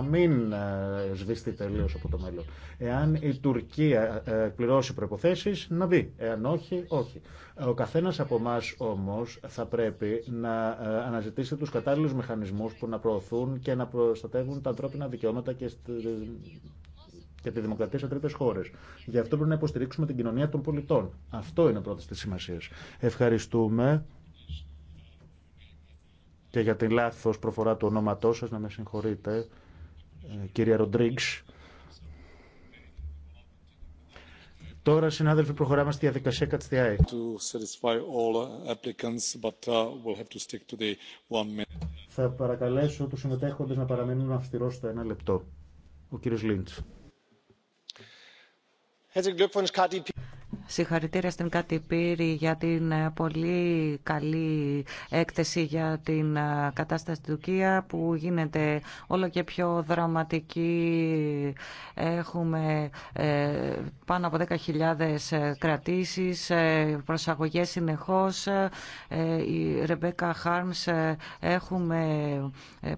να μην ε, σβήσει τελείω από το μέλλον. Εάν η Τουρκία ε, πληρώσει προποθέσει, να μπει. Εάν όχι, όχι. Ο καθένα από εμά όμω θα πρέπει να ε, αναζητήσει του κατάλληλου μηχανισμού που να προωθούν και να προστατεύουν τα ανθρώπινα δικαιώματα και και τη δημοκρατία σε τρίτε χώρε. Γι' αυτό πρέπει να υποστηρίξουμε την κοινωνία των πολιτών. Αυτό είναι πρώτη τη σημασία. Ευχαριστούμε και για την λάθος προφορά του ονόματός σας, να με συγχωρείτε. Ε, κυρία Ροντρίγκς. Τώρα, συνάδελφοι, προχωράμε στη διαδικασία ΚΑΤΣΤΙΑΕ. Uh, Θα παρακαλέσω τους συμμετέχοντες να παραμείνουν αυστηρός στο ένα λεπτό. Ο κύριος Λίντς. Συγχαρητήρια στην Κάτι για την ε, πολύ καλή έκθεση για την ε, κατάσταση του ΚΙΑ που γίνεται όλο και πιο δραματική. Έχουμε ε, πάνω από 10.000 κρατήσεις, προσαγωγές συνεχώς. Η Ρεμπέκα Χάρμς έχουμε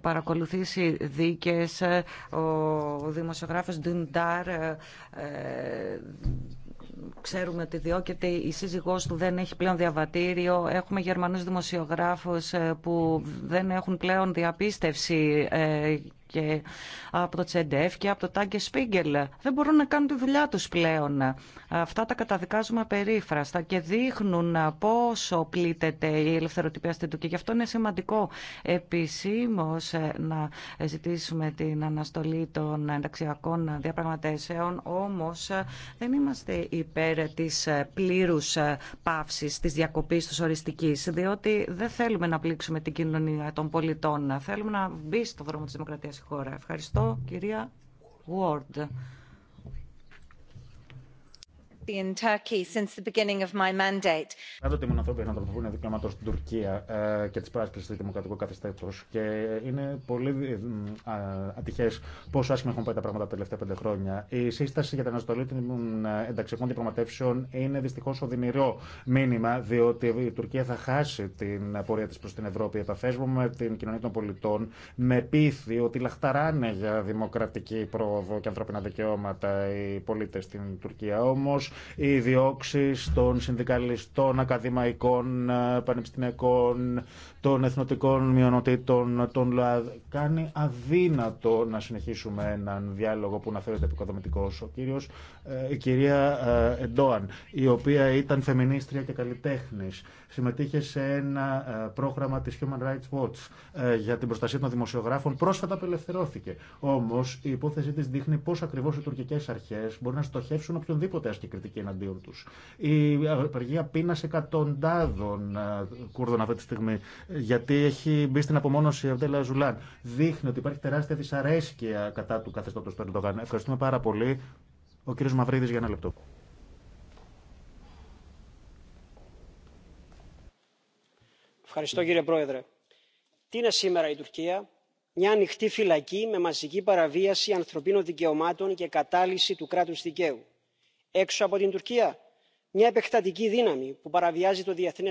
παρακολουθήσει δίκες. Ο δημοσιογράφος Ντουντάρ Ξέρουμε ότι διώκεται η σύζυγός του, δεν έχει πλέον διαβατήριο. Έχουμε Γερμανούς δημοσιογράφους ε, που δεν έχουν πλέον διαπίστευση ε, και από το Τσεντεφ και από το Τάγκε Σπίγκελ. Δεν μπορούν να κάνουν τη δουλειά τους πλέον. Αυτά τα καταδικάζουμε περίφραστα και δείχνουν πόσο πλήττεται η ελευθεροτυπία στην Τουρκία. Γι' αυτό είναι σημαντικό Επίσημώ ε, να ζητήσουμε την αναστολή των ενταξιακών διαπραγματεύσεων. Όμω ε, δεν είμαστε υπέρ της ε, πλήρους παύσης, της διακοπής του οριστικής, διότι δεν θέλουμε να πλήξουμε την κοινωνία των πολιτών. Θέλουμε να μπει στο δρόμο τη δημοκρατία χώρα. Ευχαριστώ κυρία Ward be in Turkey since the beginning of my mandate. να στην Τουρκία ε, και τη πράσπιση του δημοκρατικού Και είναι πολύ ε, ατυχέ πόσο άσχημα έχουν πάει τα πράγματα τα τελευταία πέντε χρόνια. Η σύσταση για την αναστολή των ε, ενταξιακών διαπραγματεύσεων είναι δυστυχώ οδυνηρό μήνυμα, διότι η Τουρκία θα χάσει την πορεία τη προ την Ευρώπη. Επαφέ με την κοινωνία των πολιτών με πείθει ότι λαχταράνε για δημοκρατική πρόοδο και ανθρώπινα δικαιώματα οι πολίτε στην Τουρκία. Όμω οι διώξει των συνδικαλιστών, ακαδημαϊκών, ε, πανεπιστημιακών, των εθνοτικών μειονοτήτων, των ΛΟΑΔ, κάνει αδύνατο να συνεχίσουμε έναν διάλογο που να φέρεται επικοδομητικό. Ο κύριο, ε, η κυρία ε, Εντόαν, η οποία ήταν φεμινίστρια και καλλιτέχνη, συμμετείχε σε ένα πρόγραμμα τη Human Rights Watch για την προστασία των δημοσιογράφων, πρόσφατα απελευθερώθηκε. Όμω η υπόθεσή τη δείχνει πώ ακριβώ οι τουρκικέ αρχέ μπορεί να στοχεύσουν οποιονδήποτε ασκεί και εναντίον του. Η απεργία πείνα εκατοντάδων ε, Κούρδων αυτή τη στιγμή, γιατί έχει μπει στην απομόνωση η Αβδέλα Ζουλάν, δείχνει ότι υπάρχει τεράστια δυσαρέσκεια κατά του καθεστώτο του Ερντογάν. Ευχαριστούμε πάρα πολύ. Ο κύριο Μαυρίδη για ένα λεπτό. Ευχαριστώ κύριε Πρόεδρε. Τι είναι σήμερα η Τουρκία, μια ανοιχτή φυλακή με μαζική παραβίαση ανθρωπίνων δικαιωμάτων και κατάλυση του κράτους δικαίου έξω από την τουρκία μια επεκτατική δύναμη που παραβιάζει το διεθνέ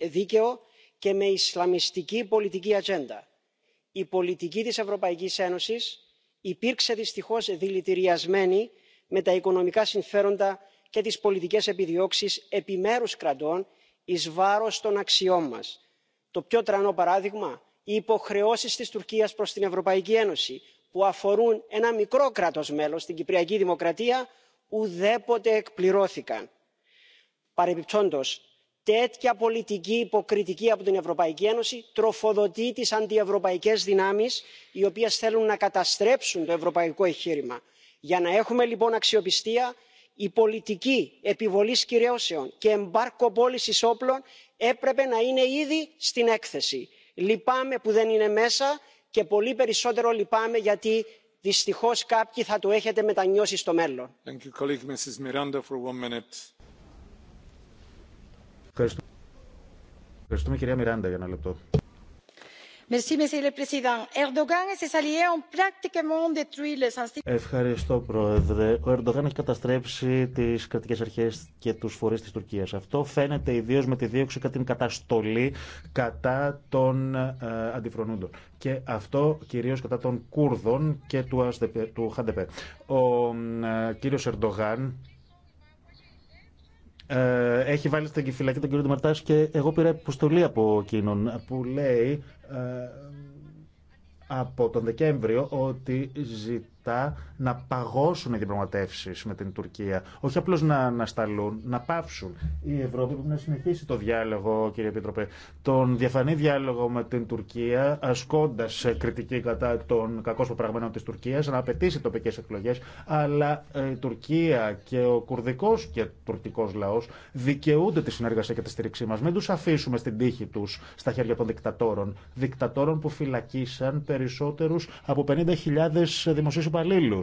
δίκαιο και με ισλαμιστική πολιτική ατζέντα. η πολιτική τη Ευρωπαϊκή Ένωση υπήρξε δυστυχώ δηλητηριασμένη με τα οικονομικά συμφέροντα και τι πολιτικέ επιδιώξει επιμέρου κρατών ει βάρο των αξιών μα, το πιο τρανό παράδειγμα οι υποχρεώσει τη Τουρκία προ την ευρωπαϊκή ένωση που αφορούν ένα μικρό κρατο μέλος την κυπριακή δημοκρατία ουδέποτε εκπληρώθηκαν. παρεμπιπτόντως τέτοια πολιτική υποκριτική από την ευρωπαϊκή ένωση τροφοδοτεί τις αντιευρωπαϊκές δυνάμεις οι οποίες θέλουν να καταστρέψουν το ευρωπαϊκό εγχείρημα. για να έχουμε λοιπόν αξιοπιστία η πολιτική επιβολής κυρώσεων και εμπάρκο πώλησης όπλων έπρεπε να είναι ήδη στην έκθεση. λυπάμαι που δεν είναι μέσα και πολύ περισσότερο λυπάμαι γιατί δυστυχώς κάποιοι θα το έχετε μετανιώσει στο μέλλον. Ευχαριστούμε κυρία Μιράντα για ένα λεπτό. Ευχαριστώ, Πρόεδρε. Ο Ερντογάν έχει καταστρέψει τι κρατικέ αρχέ και του φορεί τη Τουρκία. Αυτό φαίνεται ιδίω με τη δίωξη κατά την καταστολή κατά των ε, αντιφρονούντων. Και αυτό κυρίω κατά των Κούρδων και του, ΧΑΝΤΕΠΕ. Ο ε, κύριος κύριο Ερντογάν ε, έχει βάλει στην φυλακή τον κύριο Δημαρτά και εγώ πήρα υποστολή από εκείνον που λέει ε, από τον Δεκέμβριο ότι ζητάει να παγώσουν οι διαπραγματεύσει με την Τουρκία. Όχι απλώ να σταλούν, να πάυσουν. Η Ευρώπη πρέπει να συνεχίσει το διάλογο, κύριε Επίτροπε, τον διαφανή διάλογο με την Τουρκία, ασκώντα κριτική κατά των κακώ προπραγμένων τη Τουρκία, να απαιτήσει τοπικέ εκλογέ. Αλλά ε, η Τουρκία και ο κουρδικό και τουρκικό λαό δικαιούνται τη συνεργασία και τη στήριξή μα. Μην του αφήσουμε στην τύχη του στα χέρια των δικτατόρων. Δικτατόρων που φυλακίσαν περισσότερου από 50.000 δημοσίου υπαλλήλου.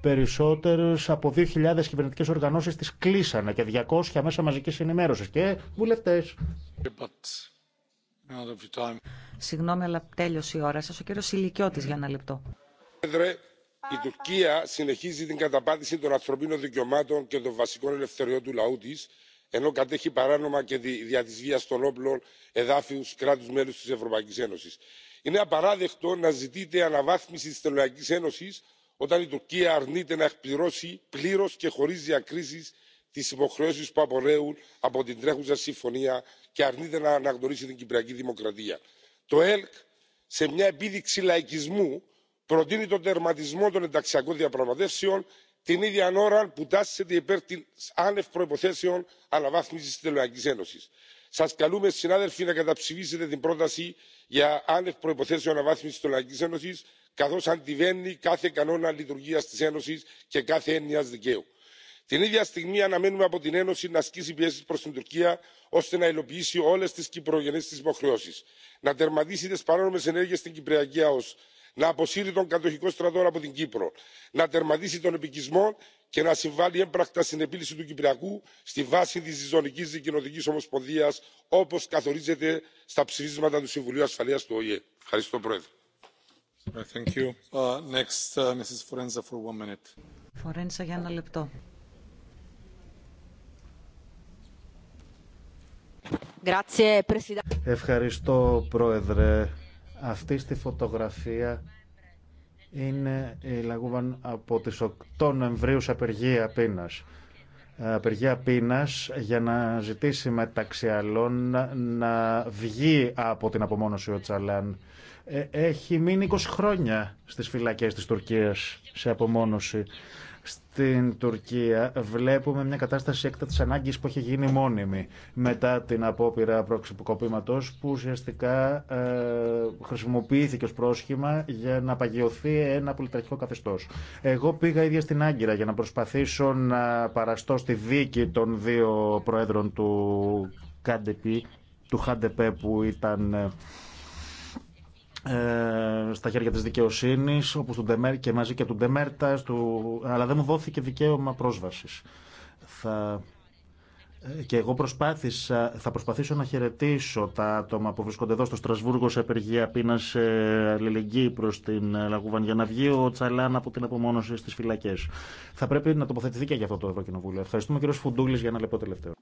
Περισσότερου από 2.000 κυβερνητικέ οργανώσει τι κλείσανε και 200 μέσα μαζική ενημέρωση και βουλευτέ. Συγγνώμη, αλλά τέλειωσε η ώρα σα. Ο κύριο Ηλικιώτη, για ένα λεπτό. Η Τουρκία συνεχίζει την καταπάτηση των ανθρωπίνων δικαιωμάτων και των βασικών ελευθεριών του λαού τη, ενώ κατέχει παράνομα και δια της βίας των όπλων εδάφιους κράτους μέλους της Ευρωπαϊκής Ένωσης. Είναι απαράδεκτο να ζητείτε αναβάθμιση τη Τελωνιακής Ένωση όταν η τουρκία αρνείται να εκπληρώσει πλήρω και χωρί διακρίσει τι υποχρεώσει που απορρέουν από την τρέχουσα συμφωνία και αρνείται να αναγνωρίσει την κυπριακή δημοκρατία. το ελκ σε μια επίδειξη λαϊκισμού προτείνει τον τερματισμό των ενταξιακών διαπραγματεύσεων την ίδια ώρα που τάσσεται υπέρ τη άνευ προποθέσεων αναβάθμιση τη τελωνειακή ένωση. σα καλούμε συνάδελφοι να καταψηφίσετε την πρόταση για άνευ προποθέσεων αναβάθμιση τη ένωση καθώς αντιβαίνει κάθε κανόνα λειτουργίας της ένωσης και κάθε έννοιας δικαίου. την ίδια στιγμή αναμένουμε από την ένωση να ασκήσει πιέσει προς την τουρκία ώστε να υλοποιήσει όλες τις κυπρογενείς της υποχρεώσεις να τερματίσει τις παράνομες ενέργειες στην κυπριακή ΑΟΣ. να αποσύρει τον κατοχικό στρατό από την κύπρο να τερματίσει τον επικισμό και να συμβάλλει έμπρακτα στην επίλυση του κυπριακού στη βάση τη ζωνική δικοινοτική ομοσπονδία όπω καθορίζεται στα ψηφίσματα του συμβουλίου ασφαλεία του οηε. ευχαριστώ πρόεδρε. Ευχαριστώ, Πρόεδρε. Αυτή στη φωτογραφία είναι η Λαγούβαν από τις 8 Νοεμβρίου σε απεργία πείνας. Ε, απεργία πείνας για να ζητήσει μεταξύ άλλων να βγει από την απομόνωση ο Τσαλάν ε, έχει μείνει 20 χρόνια στις φυλακές της Τουρκίας σε απομόνωση. Στην Τουρκία βλέπουμε μια κατάσταση έκτατης ανάγκης που έχει γίνει μόνιμη μετά την απόπειρα προξυποκοπήματος που ουσιαστικά ε, χρησιμοποιήθηκε ως πρόσχημα για να παγιωθεί ένα πολιταρχικό καθεστώς. Εγώ πήγα ίδια στην Άγκυρα για να προσπαθήσω να παραστώ στη δίκη των δύο προέδρων του ΚΑΝΤΕΠΗ, του ΧΑΝΤΕΠΕ που ήταν ε, ε, στα χέρια της δικαιοσύνης, όπως του Ντεμέρ και μαζί και του Ντεμέρτα, του... αλλά δεν μου δόθηκε δικαίωμα πρόσβασης. Θα... Και εγώ προσπάθησα, θα προσπαθήσω να χαιρετήσω τα άτομα που βρίσκονται εδώ στο Στρασβούργο σε απεργία πείνα σε αλληλεγγύη προ την ε, Λαγούβαν για να βγει ο Τσαλάν από την απομόνωση στι φυλακέ. Θα πρέπει να τοποθετηθεί και για αυτό το Ευρωκοινοβούλιο. Ευχαριστούμε κύριο Φουντούλη για ένα λεπτό τελευταίο.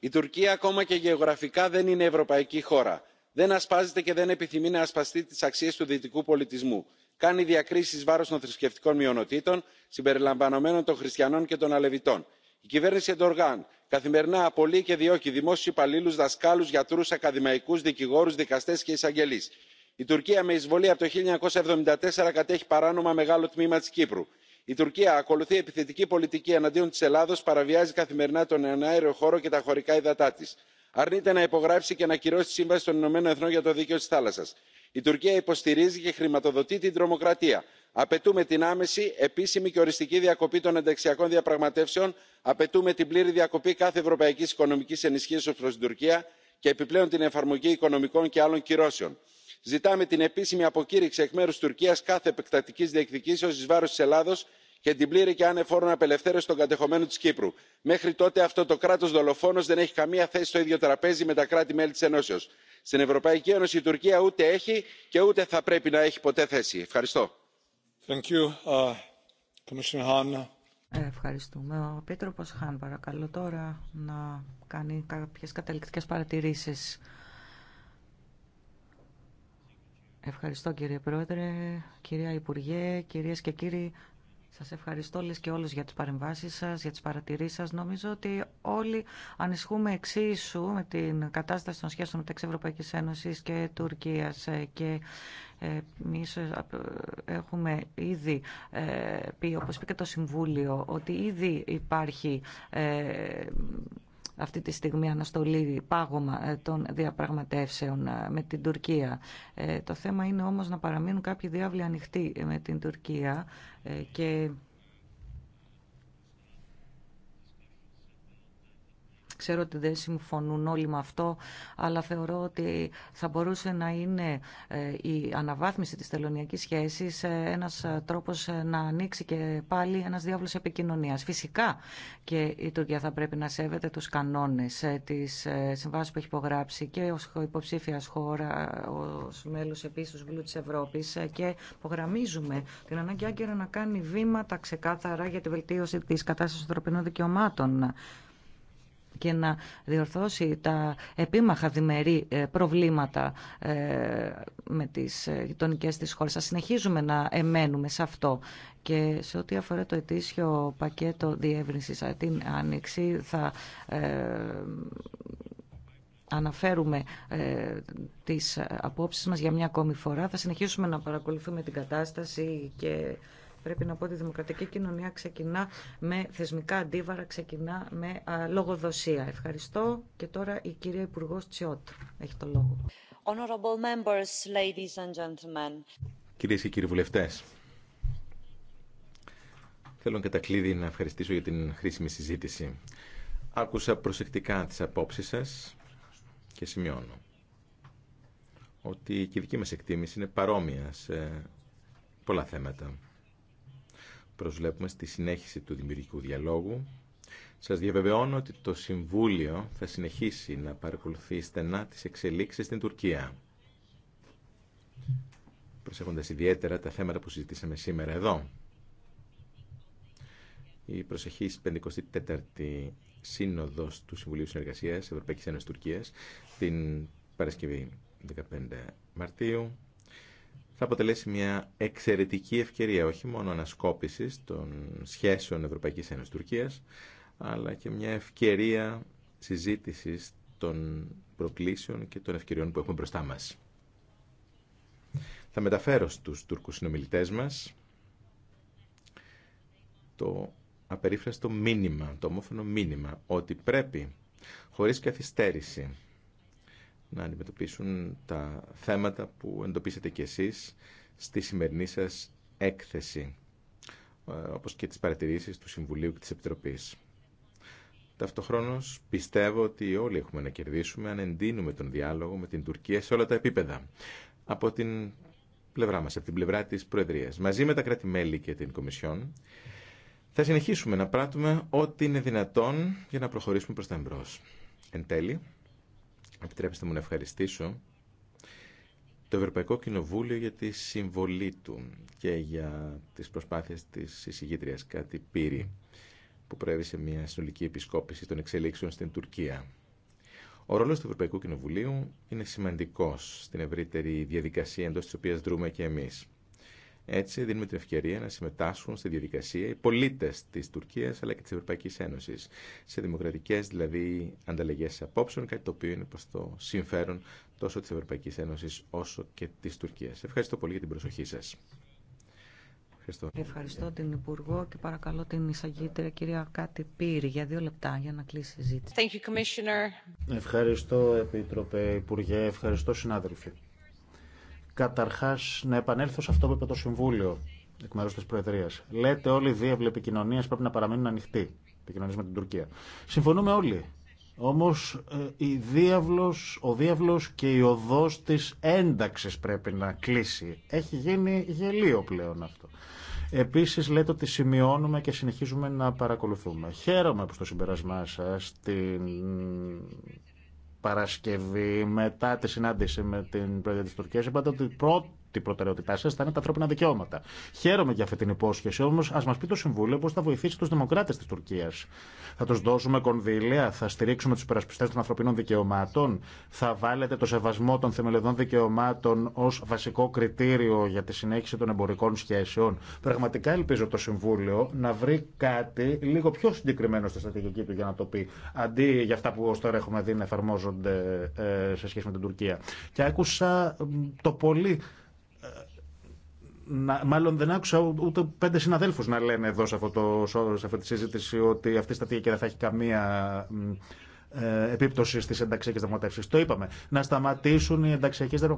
Η Τουρκία ακόμα και γεωγραφικά δεν είναι ευρωπαϊκή χώρα δεν ασπάζεται και δεν επιθυμεί να ασπαστεί τι αξίε του δυτικού πολιτισμού κάνει διακρίσει ει βάρο των θρησκευτικών μειονοτήτων συμπεριλαμβανομένων των χριστιανών και των αλεβιτών. η κυβέρνηση ερντογάν καθημερινά απολύει και διώκει δημόσιου υπαλλήλου δασκάλου γιατρού ακαδημαϊκού δικηγόρου δικαστέ και εισαγγελεί. η τουρκία με εισβολή από το 1974 κατέχει παράνομα μεγάλο τμήμα τη κύπρου. η τουρκία ακολουθεί επιθετική πολιτική εναντίον τη ελλάδο παραβιάζει καθημερινά τον εναέριο χώρο και τα χωρικά ύδατά τη αρνείται να υπογράψει και να ακυρώσει τη σύμβαση των ηνωμένων εθνών για το δίκαιο της θάλασσα. η τουρκία υποστηρίζει και χρηματοδοτεί την τρομοκρατία. απαιτούμε την άμεση επίσημη και οριστική διακοπή των ενταξιακών διαπραγματεύσεων απαιτούμε την πλήρη διακοπή κάθε ευρωπαϊκής οικονομικής ενισχύσεως προς την τουρκία και επιπλέον την εφαρμογή οικονομικών και άλλων κυρώσεων. ζητάμε την επίσημη αποκήρυξη εκ μέρους τουρκίας κάθε επεκτατική διεκδικήσεως εις βάρος της ελλάδος και την πλήρη και ανεφόρον απελευθέρωση των κατεχομένων τη κύπρου. μέχρι τότε αυτό το κράτο δολοφόνο δεν έχει καμία θέση στο ίδιο τραπέζι με τα κράτη μέλη τη ενώσεως. στην ευρωπαϊκή ένωση η τουρκία ούτε έχει και ούτε θα πρέπει να έχει ποτέ θέση. ευχαριστώ. Uh, Ευχαριστούμε. Ο Πίτροπος Χάν παρακαλώ τώρα να κάνει κάποιες καταληκτικές παρατηρήσεις. Ευχαριστώ κύριε Πρόεδρε, κυρία Υπουργέ, κυρίες και κύριοι σας ευχαριστώ όλες και όλους για τις παρεμβάσεις σας, για τις παρατηρήσεις σας. Νομίζω ότι όλοι ανισχούμε εξίσου με την κατάσταση των σχέσεων μεταξύ Ευρωπαϊκής Ένωσης και Τουρκίας ε, και ε, Εμεί ε, έχουμε ήδη πει, όπως είπε το Συμβούλιο, ότι ήδη υπάρχει αυτή τη στιγμή αναστολή, πάγωμα ε, των διαπραγματεύσεων ε, με την Τουρκία. Ε, το θέμα είναι όμως να παραμείνουν κάποιοι διάβλοι ανοιχτοί με την Τουρκία και Ξέρω ότι δεν συμφωνούν όλοι με αυτό, αλλά θεωρώ ότι θα μπορούσε να είναι ε, η αναβάθμιση της τελωνιακής σχέσης ε, ένας ε, τρόπος να ανοίξει και πάλι ένας διάβλος επικοινωνίας. Φυσικά και η Τουρκία θα πρέπει να σέβεται τους κανόνες της συμβάσης που έχει υπογράψει και ως υποψήφια χώρα, ως μέλος επίσης του Βουλού της Ευρώπης και υπογραμμίζουμε την ανάγκη Άγκυρα να κάνει βήματα ξεκάθαρα για τη βελτίωση της κατάστασης των ανθρωπινών δικαιωμάτων και να διορθώσει τα επίμαχα διμερεί προβλήματα ε, με τις ε, γειτονικέ της χώρες. Θα συνεχίζουμε να εμένουμε σε αυτό και σε ό,τι αφορά το ετήσιο πακέτο διεύρυνσης ε, την Άνοιξη θα αναφέρουμε ε, τις απόψεις μας για μια ακόμη φορά. Θα συνεχίσουμε να παρακολουθούμε την κατάσταση και Πρέπει να πω ότι η δημοκρατική κοινωνία ξεκινά με θεσμικά αντίβαρα, ξεκινά με λογοδοσία. Ευχαριστώ και τώρα η κυρία Υπουργό Τσιότ έχει το λόγο. Honorable members, and Κυρίες και κύριοι βουλευτές, θέλω κατά κλείδι να ευχαριστήσω για την χρήσιμη συζήτηση. Άκουσα προσεκτικά τις απόψεις σας και σημειώνω ότι και η δική μας εκτίμηση είναι παρόμοια σε πολλά θέματα προσβλέπουμε στη συνέχιση του δημιουργικού διαλόγου. Σας διαβεβαιώνω ότι το Συμβούλιο θα συνεχίσει να παρακολουθεί στενά τις εξελίξεις στην Τουρκία. Προσέχοντας ιδιαίτερα τα θέματα που συζητήσαμε σήμερα εδώ. Η προσεχής 54η Σύνοδος του Συμβουλίου Συνεργασίας Ευρωπαϊκής Ένωσης Τουρκίας την Παρασκευή 15 Μαρτίου θα αποτελέσει μια εξαιρετική ευκαιρία όχι μόνο ανασκόπηση των σχέσεων Ευρωπαϊκής Ένωσης Τουρκίας, αλλά και μια ευκαιρία συζήτησης των προκλήσεων και των ευκαιριών που έχουμε μπροστά μας. Θα μεταφέρω στους Τουρκου συνομιλητές μας το απερίφραστο μήνυμα, το ομόφωνο μήνυμα, ότι πρέπει χωρίς καθυστέρηση να αντιμετωπίσουν τα θέματα που εντοπίσετε κι εσείς στη σημερινή σας έκθεση, ε, όπως και τις παρατηρήσεις του Συμβουλίου και της Επιτροπής. Ταυτοχρόνως πιστεύω ότι όλοι έχουμε να κερδίσουμε αν εντείνουμε τον διάλογο με την Τουρκία σε όλα τα επίπεδα. Από την πλευρά μας, από την πλευρά της Προεδρίας, μαζί με τα κράτη-μέλη και την Κομισιόν, θα συνεχίσουμε να πράττουμε ό,τι είναι δυνατόν για να προχωρήσουμε προς τα εμπρός. Εν τέλει, επιτρέψτε μου να ευχαριστήσω το Ευρωπαϊκό Κοινοβούλιο για τη συμβολή του και για τις προσπάθειες της εισηγήτριας Κάτι Πύρη που προέβη σε μια συνολική επισκόπηση των εξελίξεων στην Τουρκία. Ο ρόλος του Ευρωπαϊκού Κοινοβουλίου είναι σημαντικός στην ευρύτερη διαδικασία εντός της οποίας δρούμε και εμείς. Έτσι δίνουμε την ευκαιρία να συμμετάσχουν στη διαδικασία οι πολίτε τη Τουρκία αλλά και τη Ευρωπαϊκή Ένωση. σε δημοκρατικέ δηλαδή ανταλλαγέ απόψεων, κάτι το οποίο είναι προ το συμφέρον τόσο τη Ευρωπαϊκή Ένωση όσο και τη Τουρκία. Ευχαριστώ πολύ για την προσοχή σα. Ευχαριστώ. Ευχαριστώ την Υπουργό και παρακαλώ την εισαγήτρια κυρία Κάτι Πύρη για δύο λεπτά για να κλείσει η συζήτηση. Thank you, Commissioner. Ευχαριστώ Επίτροπε Υπουργέ, ευχαριστώ συνάδελφοι. Καταρχάς, να επανέλθω σε αυτό που είπε το Συμβούλιο εκ μέρου τη Προεδρία. Λέτε όλοι οι δίευλοι επικοινωνία πρέπει να παραμείνουν ανοιχτοί. Επικοινωνία με την Τουρκία. Συμφωνούμε όλοι. Όμω ε, ο διάβλο και η οδό τη ένταξη πρέπει να κλείσει. Έχει γίνει γελίο πλέον αυτό. Επίση, λέτε ότι σημειώνουμε και συνεχίζουμε να παρακολουθούμε. Χαίρομαι που στο συμπερασμά σα την Παρασκευή μετά τη συνάντηση με την Πρόεδρο της Τουρκίας είπατε ότι πρώτο τι προτεραιότητά σα θα είναι τα ανθρώπινα δικαιώματα. Χαίρομαι για αυτή την υπόσχεση, όμω α μα πει το Συμβούλιο πώ θα βοηθήσει του δημοκράτε τη Τουρκία. Θα του δώσουμε κονδύλια, θα στηρίξουμε του υπερασπιστέ των ανθρωπίνων δικαιωμάτων, θα βάλετε το σεβασμό των θεμελιωδών δικαιωμάτων ω βασικό κριτήριο για τη συνέχιση των εμπορικών σχέσεων. Πραγματικά ελπίζω το Συμβούλιο να βρει κάτι λίγο πιο συγκεκριμένο στη στρατηγική του για να το πει, αντί για αυτά που ω τώρα έχουμε δει να εφαρμόζονται ε, σε σχέση με την Τουρκία. Και άκουσα το πολύ μάλλον δεν άκουσα ούτε πέντε συναδέλφου να λένε εδώ σε, αυτό το, σε αυτή τη συζήτηση ότι αυτή η και δεν θα έχει καμία ε, επίπτωση στι ενταξιακές διαπραγματεύσεις. Το είπαμε. Να σταματήσουν οι ενταξιακές ε,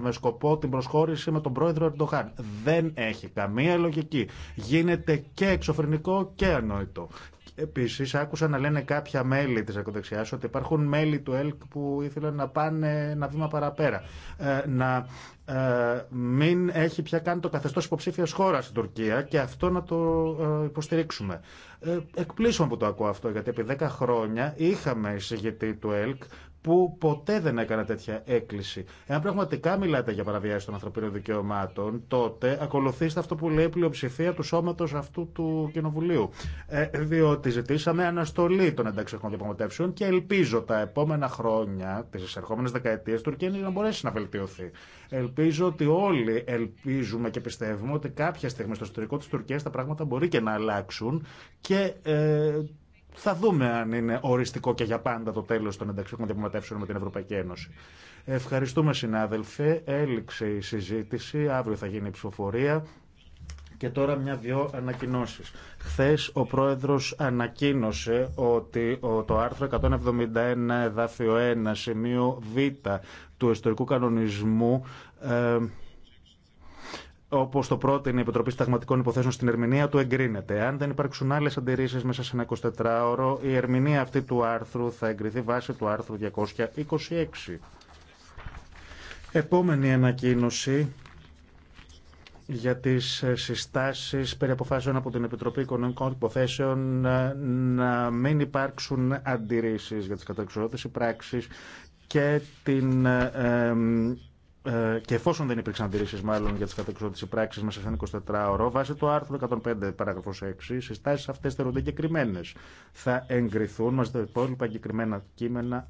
με σκοπό την προσχώρηση με τον πρόεδρο Ερντοχάν. Δεν έχει καμία λογική. Γίνεται και εξωφρενικό και ανοητό. Επίση, άκουσα να λένε κάποια μέλη τη ακροδεξιά ότι υπάρχουν μέλη του ΕΛΚ που ήθελαν να πάνε ένα βήμα παραπέρα. Ε, να ε, μην έχει πια κάνει το καθεστώ υποψήφια χώρα στην Τουρκία και αυτό να το ε, υποστηρίξουμε. Ε, Εκπλήσω που το ακούω αυτό, γιατί επί 10 χρόνια είχαμε εισηγητή του ΕΛΚ που ποτέ δεν έκανε τέτοια έκκληση. Εάν πραγματικά μιλάτε για παραβιάση των ανθρωπίνων δικαιωμάτων, τότε ακολουθήστε αυτό που λέει η πλειοψηφία του σώματο αυτού του Κοινοβουλίου. Ε, διότι ζητήσαμε αναστολή των ενταξιακών διαπραγματεύσεων και ελπίζω τα επόμενα χρόνια, τι ερχόμενε δεκαετίε, η Τουρκία να μπορέσει να βελτιωθεί. Ελπίζω ότι όλοι ελπίζουμε και πιστεύουμε ότι κάποια στιγμή στο εσωτερικό τη Τουρκία τα πράγματα μπορεί και να αλλάξουν και ε, θα δούμε αν είναι οριστικό και για πάντα το τέλο των ενταξιών διαπραγματεύσεων με την Ευρωπαϊκή Ένωση. Ευχαριστούμε, συνάδελφε. Έληξε η συζήτηση. Αύριο θα γίνει η ψηφοφορία. Και τώρα μια-δυο ανακοινώσει. Χθε ο πρόεδρο ανακοίνωσε ότι το άρθρο 171 εδάφιο 1 σημείο β του ιστορικού κανονισμού ε, όπω το πρότεινε η Επιτροπή Συνταγματικών Υποθέσεων στην ερμηνεία του, εγκρίνεται. Αν δεν υπάρξουν άλλε αντιρρήσει μέσα σε ένα 24ωρο, η ερμηνεία αυτή του άρθρου θα εγκριθεί βάσει του άρθρου 226. Επόμενη ανακοίνωση για τις συστάσεις περί αποφάσεων από την Επιτροπή Οικονομικών Υποθέσεων να μην υπάρξουν αντιρρήσεις για τις καταξιότητες πράξεις και την ε, ε, και εφόσον δεν υπήρξαν αντιρρήσει μάλλον για τι κατεξοδοτήσει πράξει μέσα σε 24 24ωρο, βάσει το άρθρο 105 παράγραφο 6, οι συστάσει αυτέ θεωρούνται εγκεκριμένε. Θα εγκριθούν μαζί τα υπόλοιπα εγκεκριμένα κείμενα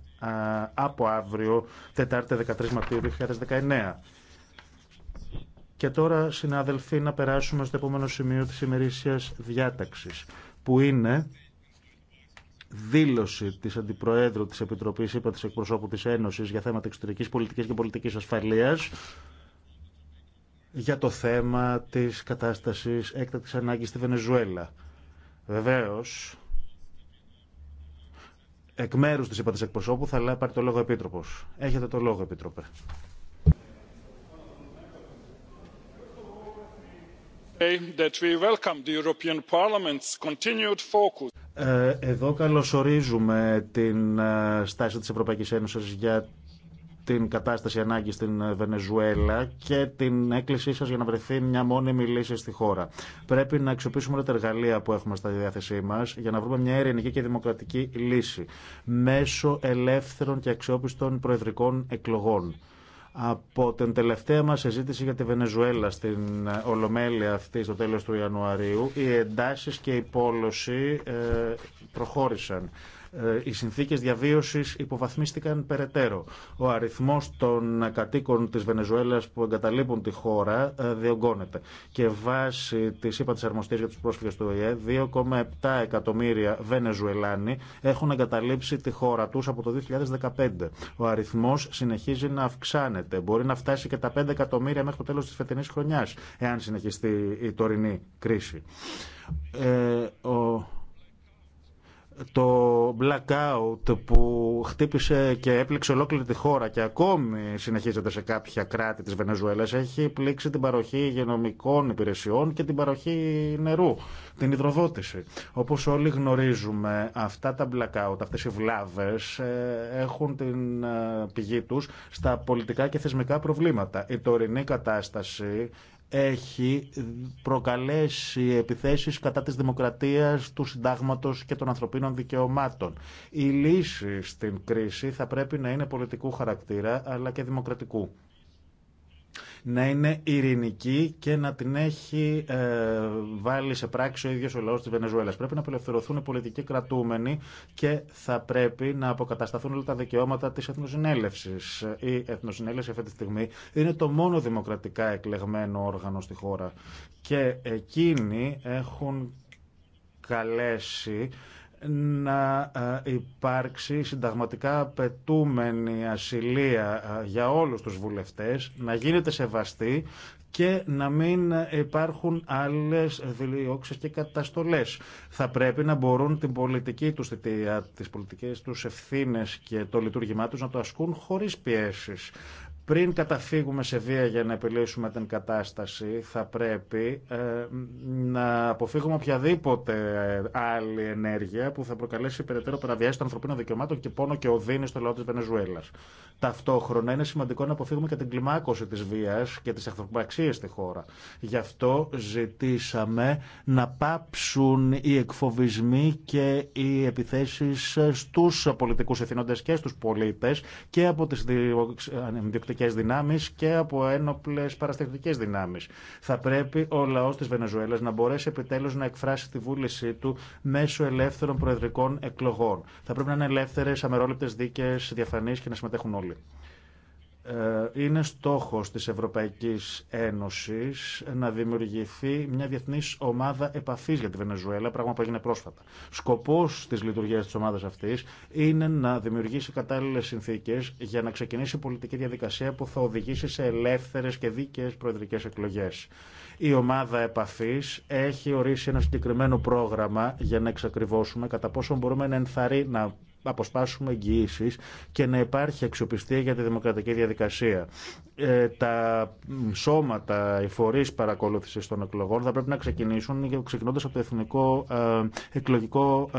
από αύριο, Τετάρτη 13 Μαρτίου 2019. Και τώρα, συνάδελφοι, να περάσουμε στο επόμενο σημείο της ημερήσιας διάταξης, που είναι δήλωση της Αντιπροέδρου της Επιτροπής, είπα της εκπροσώπου της Ένωσης για θέματα εξωτερικής πολιτικής και πολιτικής ασφαλείας, για το θέμα της κατάστασης έκτακτης ανάγκης στη Βενεζουέλα. Βεβαίως, εκ μέρους της είπα της εκπροσώπου θα πάρει το λόγο Επίτροπος. Έχετε το λόγο Επίτροπε. Ε, εδώ καλωσορίζουμε την ε, στάση της Ευρωπαϊκής Ένωσης για την κατάσταση ανάγκη στην Βενεζουέλα και την έκκλησή σα για να βρεθεί μια μόνιμη λύση στη χώρα. Πρέπει να αξιοποιήσουμε όλα τα εργαλεία που έχουμε στα διάθεσή μα για να βρούμε μια ειρηνική και δημοκρατική λύση μέσω ελεύθερων και αξιόπιστων προεδρικών εκλογών από την τελευταία μας συζήτηση για τη Βενεζουέλα στην ε, Ολομέλεια αυτή στο τέλος του Ιανουαρίου οι εντάσεις και η πόλωση ε, προχώρησαν. Ε, οι συνθήκες διαβίωσης υποβαθμίστηκαν περαιτέρω. Ο αριθμός των κατοίκων της Βενεζουέλας που εγκαταλείπουν τη χώρα ε, διωγγώνεται. Και βάσει της ΥΠΑ της Αρμοστίας για τους πρόσφυγες του ΟΗΕ, 2,7 εκατομμύρια Βενεζουελάνοι έχουν εγκαταλείψει τη χώρα τους από το 2015. Ο αριθμός συνεχίζει να αυξάνεται. Μπορεί να φτάσει και τα 5 εκατομμύρια μέχρι το τέλος της φετινής χρονιάς, εάν συνεχιστεί η τωρινή κρίση. Ε, ο το blackout που χτύπησε και έπληξε ολόκληρη τη χώρα και ακόμη συνεχίζεται σε κάποια κράτη της Βενεζουέλας έχει πλήξει την παροχή υγειονομικών υπηρεσιών και την παροχή νερού, την υδροδότηση. Όπως όλοι γνωρίζουμε αυτά τα blackout, αυτές οι βλάβες ε, έχουν την ε, πηγή τους στα πολιτικά και θεσμικά προβλήματα. Η τωρινή κατάσταση έχει προκαλέσει επιθέσεις κατά της δημοκρατίας, του συντάγματος και των ανθρωπίνων δικαιωμάτων. Η λύση στην κρίση θα πρέπει να είναι πολιτικού χαρακτήρα αλλά και δημοκρατικού να είναι ειρηνική και να την έχει ε, βάλει σε πράξη ο ίδιος ο λαός της Βενεζουέλας. Πρέπει να απελευθερωθούν οι πολιτικοί κρατούμενοι και θα πρέπει να αποκατασταθούν όλα τα δικαιώματα της Εθνοσυνέλευσης. Η Εθνοσυνέλευση αυτή τη στιγμή είναι το μόνο δημοκρατικά εκλεγμένο όργανο στη χώρα και εκείνοι έχουν καλέσει να ε, υπάρξει συνταγματικά απαιτούμενη ασυλία ε, για όλους τους βουλευτές, να γίνεται σεβαστή και να μην υπάρχουν άλλες διώξεις και καταστολές. Θα πρέπει να μπορούν την πολιτική τους θητεία, τις πολιτικές τους ευθύνες και το λειτουργήμά τους να το ασκούν χωρίς πιέσεις. Πριν καταφύγουμε σε βία για να επιλύσουμε την κατάσταση, θα πρέπει ε, να αποφύγουμε οποιαδήποτε ε, άλλη ενέργεια που θα προκαλέσει περαιτέρω παραβιάσει των ανθρωπίνων δικαιωμάτων και πόνο και οδύνη στο λαό τη Βενεζουέλα. Ταυτόχρονα είναι σημαντικό να αποφύγουμε και την κλιμάκωση τη βία και τη εχθροπραξίε στη χώρα. Γι' αυτό ζητήσαμε να πάψουν οι εκφοβισμοί και οι επιθέσει στου πολιτικού εθνώντε και στου πολίτε και από τι διοκτικέ και από ένοπλε παραστατικέ δυνάμει. Θα πρέπει ο λαό τη Βενεζουέλας να μπορέσει επιτέλου να εκφράσει τη βούλησή του μέσω ελεύθερων προεδρικών εκλογών. Θα πρέπει να είναι ελεύθερε, αμερόληπτες δίκες, διαφανεί και να συμμετέχουν όλοι. Ε, είναι στόχος της Ευρωπαϊκής Ένωσης να δημιουργηθεί μια διεθνής ομάδα επαφής για τη Βενεζουέλα, πράγμα που έγινε πρόσφατα. Σκοπός της λειτουργίας της ομάδας αυτής είναι να δημιουργήσει κατάλληλες συνθήκες για να ξεκινήσει πολιτική διαδικασία που θα οδηγήσει σε ελεύθερες και δίκαιες προεδρικές εκλογές. Η ομάδα επαφής έχει ορίσει ένα συγκεκριμένο πρόγραμμα για να εξακριβώσουμε κατά πόσο μπορούμε να, ενθαρρύνουμε να αποσπάσουμε εγγυήσει και να υπάρχει αξιοπιστία για τη δημοκρατική διαδικασία. Ε, τα σώματα, οι φορεί παρακολούθηση των εκλογών θα πρέπει να ξεκινήσουν ξεκινώντα από το εθνικό ε, εκλογικό ε,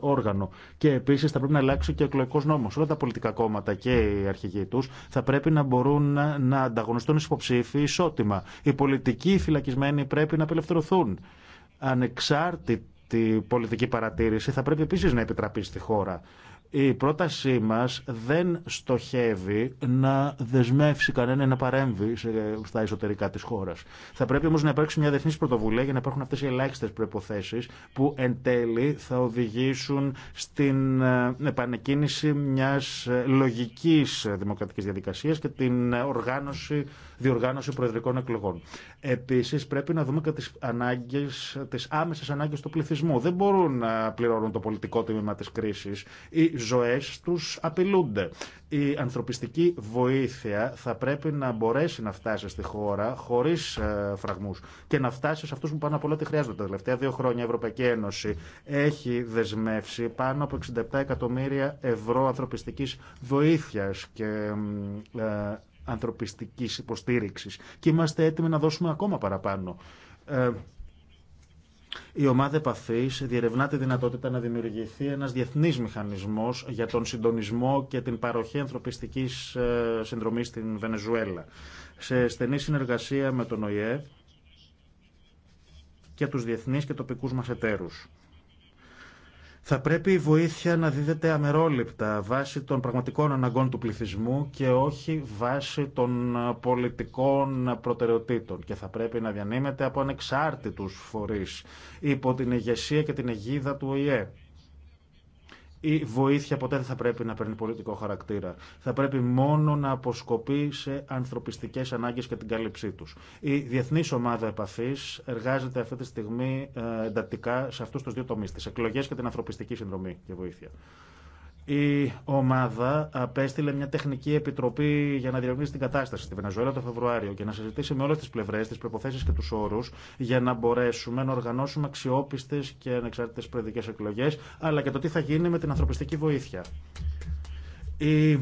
όργανο. Και επίση θα πρέπει να αλλάξει και ο εκλογικό νόμο. Όλα τα πολιτικά κόμματα και οι αρχηγοί του θα πρέπει να μπορούν να ανταγωνιστούν υποψήφοι ισότιμα. Οι πολιτικοί φυλακισμένοι πρέπει να απελευθερωθούν ανεξάρτητα τη πολιτική παρατήρηση θα πρέπει επίση να επιτραπεί στη χώρα. Η πρότασή μας δεν στοχεύει να δεσμεύσει κανένα να παρέμβει στα εσωτερικά της χώρας. Θα πρέπει όμως να υπάρξει μια διεθνής πρωτοβουλία για να υπάρχουν αυτές οι ελάχιστες προϋποθέσεις που εν τέλει θα οδηγήσουν στην ε, επανεκκίνηση μιας ε, λογικής δημοκρατικής διαδικασίας και την οργάνωση, διοργάνωση προεδρικών εκλογών. Επίσης πρέπει να δούμε και τις, ανάγκες, τις άμεσες ανάγκες του πληθυσμού. Δεν μπορούν να πληρώνουν το πολιτικό τμήμα της κρίσης ή ζωές τους απειλούνται. Η ανθρωπιστική βοήθεια θα πρέπει να μπορέσει να φτάσει στη χώρα χωρίς ε, φραγμούς και να φτάσει σε αυτούς που πάνω από όλα τη χρειάζονται. Τα τελευταία δύο χρόνια η Ευρωπαϊκή Ένωση έχει δεσμεύσει πάνω από 67 εκατομμύρια ευρώ ανθρωπιστικής βοήθειας και ε, ανθρωπιστικής υποστήριξης και είμαστε έτοιμοι να δώσουμε ακόμα παραπάνω. Ε, η ομάδα επαφή διερευνά τη δυνατότητα να δημιουργηθεί ένα διεθνή μηχανισμό για τον συντονισμό και την παροχή ανθρωπιστική ε, συνδρομή στην Βενεζουέλα. Σε στενή συνεργασία με τον ΟΗΕ και τους διεθνείς και τοπικούς μας εταίρους. Θα πρέπει η βοήθεια να δίδεται αμερόληπτα βάσει των πραγματικών αναγκών του πληθυσμού και όχι βάσει των ε, πολιτικών προτεραιοτήτων και θα πρέπει να διανύμεται από ανεξάρτητους φορείς υπό την ηγεσία και την αιγίδα του ΟΗΕ η βοήθεια ποτέ δεν θα πρέπει να παίρνει πολιτικό χαρακτήρα. Θα πρέπει μόνο να αποσκοπεί σε ανθρωπιστικές ανάγκες και την κάλυψή τους. Η Διεθνής Ομάδα Επαφής εργάζεται αυτή τη στιγμή ε, εντατικά σε αυτούς τους δύο τομείς, τις εκλογές και την ανθρωπιστική συνδρομή και βοήθεια. Η ομάδα απέστειλε μια τεχνική επιτροπή για να διερευνήσει την κατάσταση στη Βενεζουέλα το Φεβρουάριο και να συζητήσει με όλε τι πλευρέ, τι προποθέσει και του όρου για να μπορέσουμε να οργανώσουμε αξιόπιστε και ανεξάρτητε προεδρικέ εκλογέ, αλλά και το τι θα γίνει με την ανθρωπιστική βοήθεια. Η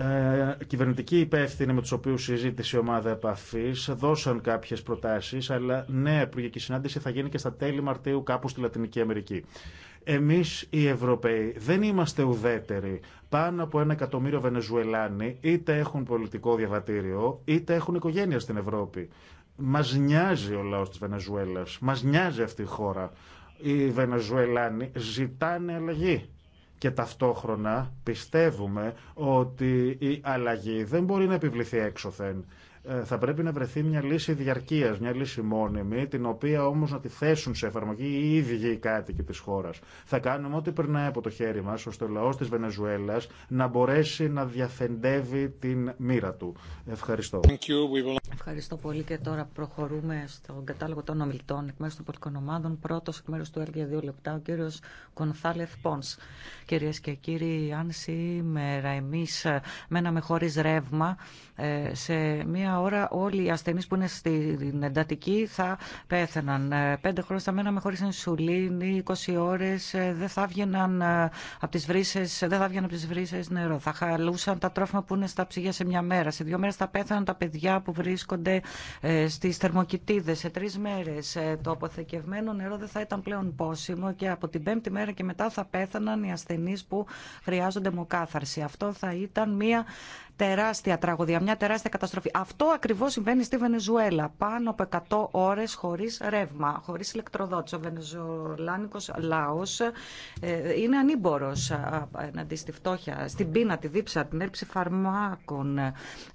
ε, κυβερνητικοί υπεύθυνοι με του οποίου συζήτησε η ομάδα επαφή δώσαν κάποιε προτάσει, αλλά νέα ναι, προηγική συνάντηση θα γίνει και στα τέλη Μαρτίου κάπου στη Λατινική Αμερική. Εμεί οι Ευρωπαίοι δεν είμαστε ουδέτεροι. Πάνω από ένα εκατομμύριο Βενεζουελάνοι είτε έχουν πολιτικό διαβατήριο, είτε έχουν οικογένεια στην Ευρώπη. Μα νοιάζει ο λαό τη Βενεζουέλα. Μα νοιάζει αυτή η χώρα. Οι Βενεζουελάνοι ζητάνε αλλαγή και ταυτόχρονα πιστεύουμε ότι η αλλαγή δεν μπορεί να επιβληθεί έξωθεν. Ε, θα πρέπει να βρεθεί μια λύση διαρκεία, μια λύση μόνιμη, την οποία όμω να τη θέσουν σε εφαρμογή οι ίδιοι οι κάτοικοι τη χώρα. Θα κάνουμε ό,τι περνάει από το χέρι μα, ώστε ο λαό τη Βενεζουέλα να μπορέσει να διαφεντεύει την μοίρα του. Ευχαριστώ. Ευχαριστώ πολύ και τώρα προχωρούμε στον κατάλογο των ομιλητών εκ μέρου των πολιτικών ομάδων. Πρώτο εκ μέρου του για δύο λεπτά, ο κύριο Κονθάλεφ Πόν. Κυρίε και κύριοι, αν σήμερα εμεί μέναμε χωρί ρεύμα, ε, σε μία ώρα όλοι οι ασθενείς που είναι στην εντατική θα πέθαναν. Ε, πέντε χρόνια θα μέναμε χωρίς ενσουλίνη, 20 ώρες, ε, δεν θα βγαίναν από τις βρύσες, δεν θα από τις βρύσες νερό. Θα χαλούσαν τα τρόφιμα που είναι στα ψυγεία σε μια μέρα. Σε δύο μέρες θα πέθαναν τα παιδιά που βρίσκονται στις θα πέθαιναν. Σε τρεις μέρες το αποθεκευμένο νερό δεν θα ήταν πλέον πόσιμο και από την πέμπτη μέρα και μετά θα πέθαναν οι ασθενείς που χρειάζονται μοκάθαρση. Αυτό θα ήταν μια μερα σε δυο μερες θα πέθαιναν τα παιδια που βρισκονται στις θερμοκοιτιδες σε τρεις μερες το αποθεκευμενο νερο δεν θα ηταν πλεον ποσιμο και απο την πεμπτη μερα και μετα θα πεθαναν οι ασθενεις που χρειαζονται μοκαθαρση αυτο θα ηταν μια τεράστια τραγωδία, μια τεράστια καταστροφή. Αυτό ακριβώ συμβαίνει στη Βενεζουέλα. Πάνω από 100 ώρε χωρί ρεύμα, χωρί ηλεκτροδότηση. Ο βενεζολάνικο λαό ε, είναι ανήμπορο εναντί στη φτώχεια, στην πείνα, τη δίψα, την έλλειψη φαρμάκων,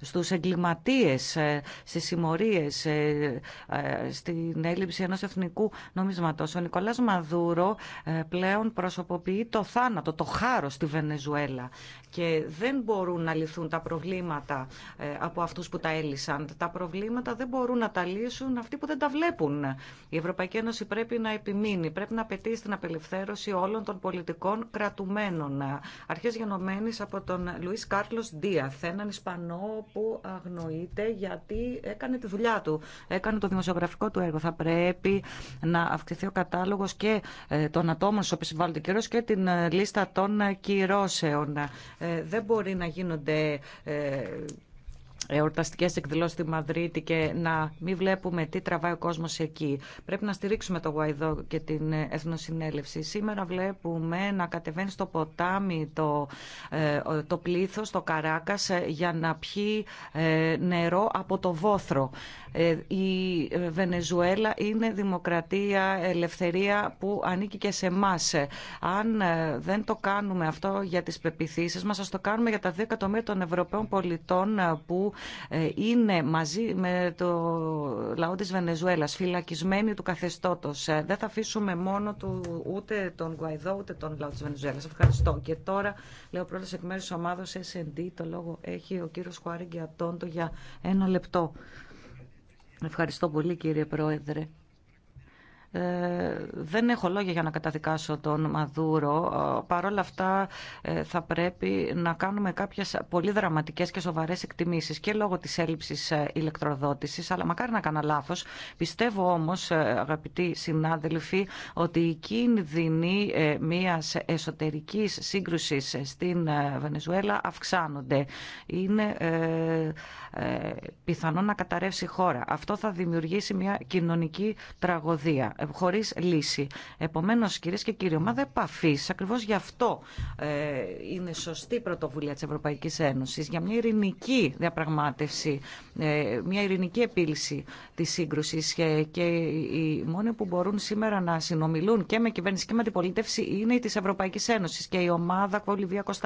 στου εγκληματίε, ε, στι συμμορίε, ε, στην έλλειψη ενό εθνικού νομίσματο. Ο Νικολά Μαδούρο πλέον προσωποποιεί το θάνατο, το χάρο στη Βενεζουέλα. Και δεν μπορούν να λυθούν τα προβλήματα ε, από αυτούς που τα έλυσαν. Τα προβλήματα δεν μπορούν να τα λύσουν αυτοί που δεν τα βλέπουν. Η Ευρωπαϊκή Ένωση πρέπει να επιμείνει, πρέπει να απαιτεί την απελευθέρωση όλων των πολιτικών κρατουμένων. Αρχές γενομένης από τον Λουίς Κάρλος Ντίαθ, έναν Ισπανό που αγνοείται γιατί έκανε τη δουλειά του, έκανε το δημοσιογραφικό του έργο. Θα πρέπει να αυξηθεί ο κατάλογος και ε, των ατόμων στους οποίους συμβάλλονται και την ε, λίστα των κυρώσεων. Δεν μπορεί να γίνονται ε εορταστικέ εκδηλώσει στη Μαδρίτη και να μην βλέπουμε τι τραβάει ο κόσμο εκεί. Πρέπει να στηρίξουμε το Γουαϊδό και την Εθνοσυνέλευση. Σήμερα βλέπουμε να κατεβαίνει στο ποτάμι το, ε, το πλήθο, το Καράκα, ε, για να πιει ε, νερό από το βόθρο. Η Βενεζουέλα είναι δημοκρατία, ελευθερία που ανήκει και σε εμά. Αν δεν το κάνουμε αυτό για τι πεπιθήσει μα, α το κάνουμε για τα 10 εκατομμύρια των Ευρωπαίων πολιτών που ε, είναι μαζί με το λαό της Βενεζουέλας, φυλακισμένοι του καθεστώτος. Ε, δεν θα αφήσουμε μόνο του ούτε τον Γκουαϊδό ούτε τον λαό της Βενεζουέλας. Ευχαριστώ. Και τώρα, λέω πρώτα εκ μέρους ομάδος S&D, το λόγο έχει ο κύριος Χουάρη Ατόντο για ένα λεπτό. Ευχαριστώ πολύ κύριε Πρόεδρε. Ε, δεν έχω λόγια για να καταδικάσω τον Μαδούρο. Ε, Παρ' όλα αυτά ε, θα πρέπει να κάνουμε κάποιες πολύ δραματικές και σοβαρές εκτιμήσεις και λόγω της έλλειψης ηλεκτροδότησης, αλλά μακάρι να κάνω λάθος. Πιστεύω όμως, αγαπητοί συνάδελφοι, ότι η κίνδυνη μιας εσωτερικής σύγκρουσης στην Βενεζουέλα αυξάνονται. Είναι πιθανό να καταρρεύσει η χώρα. Αυτό θα δημιουργήσει μια κοινωνική τραγωδία ε, Χωρί λύση. Επομένω, κύριε και κύριοι, ομάδα επαφή. Ακριβώ γι' αυτό ε, είναι σωστή πρωτοβουλία τη Ευρωπαϊκή Ένωση. για μια ειρηνική διαπραγμάτευση, ε, μια ειρηνική επίλυση τη σύγκρουση. και οι μόνοι που μπορούν σήμερα να συνομιλούν και με κυβέρνηση και με αντιπολίτευση είναι η της Ευρωπαϊκής Ένωσης και η ομάδα Κολυβία Κωνσταντίνα,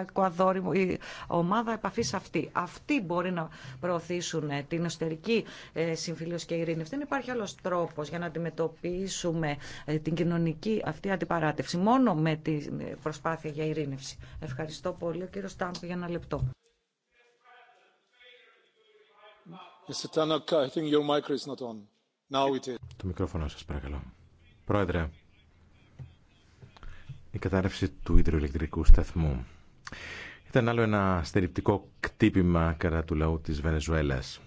Εκουαδόρη, η ομάδα επαφή αυτή. Αυτοί μπορεί να προωθήσουν την εσωτερική συμφιλίωση και ειρήνη. Δεν υπάρχει άλλο τρόπο για να αντιμετωπίσουμε αντιμετωπίσουμε ε, την κοινωνική αυτή αντιπαράτευση μόνο με την ε, προσπάθεια για ειρήνευση. Ευχαριστώ πολύ. Ο κύριος Τάμπη για ένα λεπτό. Το μικρόφωνο σας παρακαλώ. Πρόεδρε, η κατάρρευση του υδροελεκτρικού σταθμού ήταν άλλο ένα στερηπτικό κτύπημα κατά του λαού της Βενεζουέλας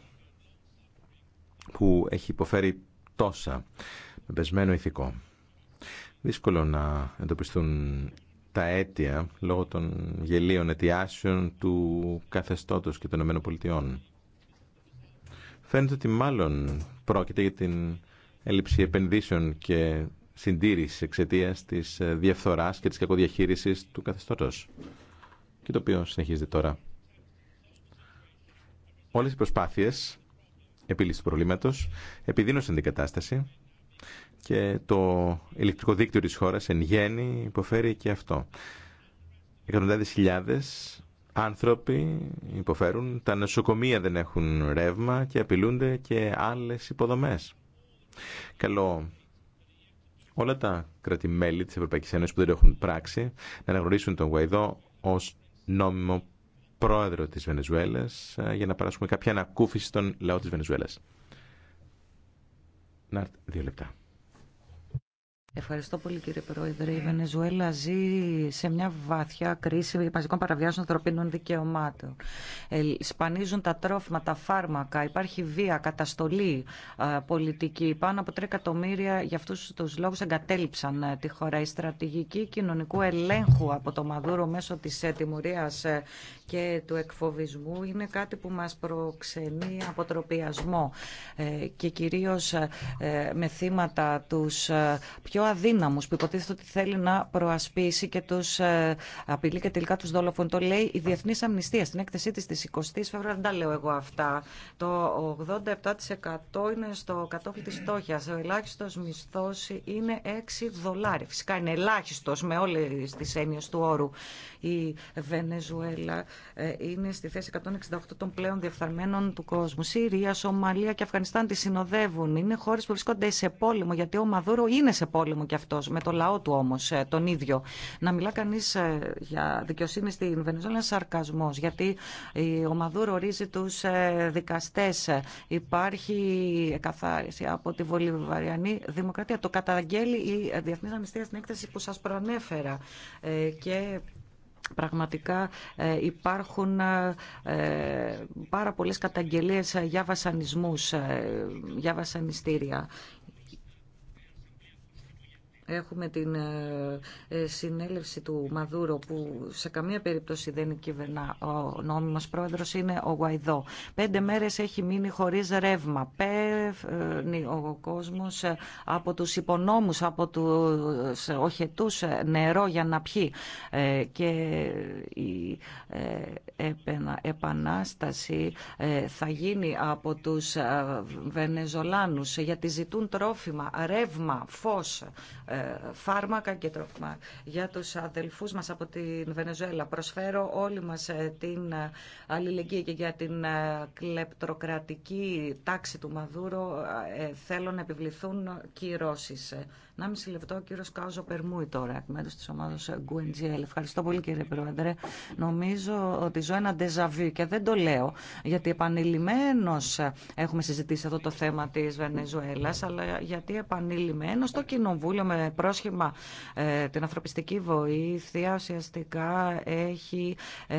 που έχει υποφέρει τόσα με ηθικό. Δύσκολο να εντοπιστούν τα αίτια λόγω των γελίων αιτιάσεων του καθεστώτος και των ΗΠΑ. Φαίνεται ότι μάλλον πρόκειται για την έλλειψη επενδύσεων και συντήρηση εξαιτία τη διαφθορά και τη κακοδιαχείριση του καθεστώτο. Και το οποίο συνεχίζεται τώρα. Όλε οι προσπάθειε επίλυση του προβλήματο επιδίνωσαν την κατάσταση και το ηλεκτρικό δίκτυο της χώρας εν γέννη υποφέρει και αυτό. Εκατοντάδες χιλιάδες άνθρωποι υποφέρουν, τα νοσοκομεία δεν έχουν ρεύμα και απειλούνται και άλλες υποδομές. Καλό όλα τα κρατημέλη της Ευρωπαϊκής Ένωσης που δεν έχουν πράξει να αναγνωρίσουν τον Γουαϊδό ως νόμιμο πρόεδρο της Βενεζουέλας ε, για να παράσχουμε κάποια ανακούφιση στον λαό της Βενεζουέλας. Να δύο λεπτά. Ευχαριστώ πολύ κύριε Πρόεδρε. Η Βενεζουέλα ζει σε μια βαθιά κρίση μαζικών παραβιάσεων ανθρωπίνων δικαιωμάτων. Ε, σπανίζουν τα τρόφιμα, τα φάρμακα, υπάρχει βία, καταστολή ε, πολιτική. Πάνω από τρία εκατομμύρια για αυτού τους λόγους εγκατέλειψαν ε, τη χώρα. Η στρατηγική κοινωνικού ελέγχου από το Μαδούρο μέσω της τιμωρίας και του εκφοβισμού είναι κάτι που μα προξενεί αποτροπιασμό και με θύματα πιο αδύναμους που υποτίθεται ότι θέλει να προασπίσει και τους ε, απειλεί και τελικά τους δόλοφων. Το λέει η Διεθνής Αμνηστία στην έκθεσή της της 20 Φεβρουαρίου. Δεν τα λέω εγώ αυτά. Το 87% είναι στο κατόφλι της φτώχεια. Ο ελάχιστος μισθός είναι 6 δολάρια. Φυσικά είναι ελάχιστος με όλες τις έννοιες του όρου. Η Βενεζουέλα ε, είναι στη θέση 168 των πλέον διεφθαρμένων του κόσμου. Συρία, Σομαλία και Αφγανιστάν τη συνοδεύουν. Είναι χώρε που βρίσκονται σε πόλεμο γιατί ο Μαδούρο είναι σε πόλεμο με το λαό του όμως ε, τον ίδιο. Να μιλά κανείς ε, για δικαιοσύνη στην Βενεζουέλα είναι σαρκασμός, γιατί ο Μαδούρο ορίζει τους ε, δικαστές. Υπάρχει εκαθάριση από τη Βολιβαριανή Δημοκρατία. Το καταγγέλει η Διεθνή Αμνηστία στην έκθεση που σας προανέφερα. Και Πραγματικά υπάρχουν πάρα πολλές καταγγελίες για βασανισμούς, για βασανιστήρια. Έχουμε την ε, ε, συνέλευση του Μαδούρο που σε καμία περίπτωση δεν κυβερνά ο νόμιμος πρόεδρος είναι ο Γουαϊδό. Πέντε μέρες έχει μείνει χωρίς ρεύμα. Παίρνει ο κόσμος ε, από τους υπονόμους, από τους οχετούς νερό για να πιει. Και η επανάσταση ε, θα γίνει από τους ε, Βενεζολάνους γιατί ζητούν τρόφιμα, ρεύμα, φως, ε, φάρμακα και τρόφιμα για τους αδελφούς μας από την Βενεζουέλα. Προσφέρω όλοι μας την αλληλεγγύη και για την κλεπτροκρατική τάξη του Μαδούρο θέλω να επιβληθούν κυρώσεις. Να μισή λεπτό, ο κύριος Κάουζο Περμούη τώρα, εκ μέρους της ομάδας Γκουεντζιέλ. Ευχαριστώ πολύ κύριε Πρόεδρε. Νομίζω ότι ζω ένα και δεν το λέω γιατί επανειλημμένως έχουμε συζητήσει αυτό το θέμα της Βενεζουέλας αλλά γιατί επανειλημμένως το Κοινοβούλιο με πρόσχημα ε, την ανθρωπιστική βοήθεια ουσιαστικά έχει ε,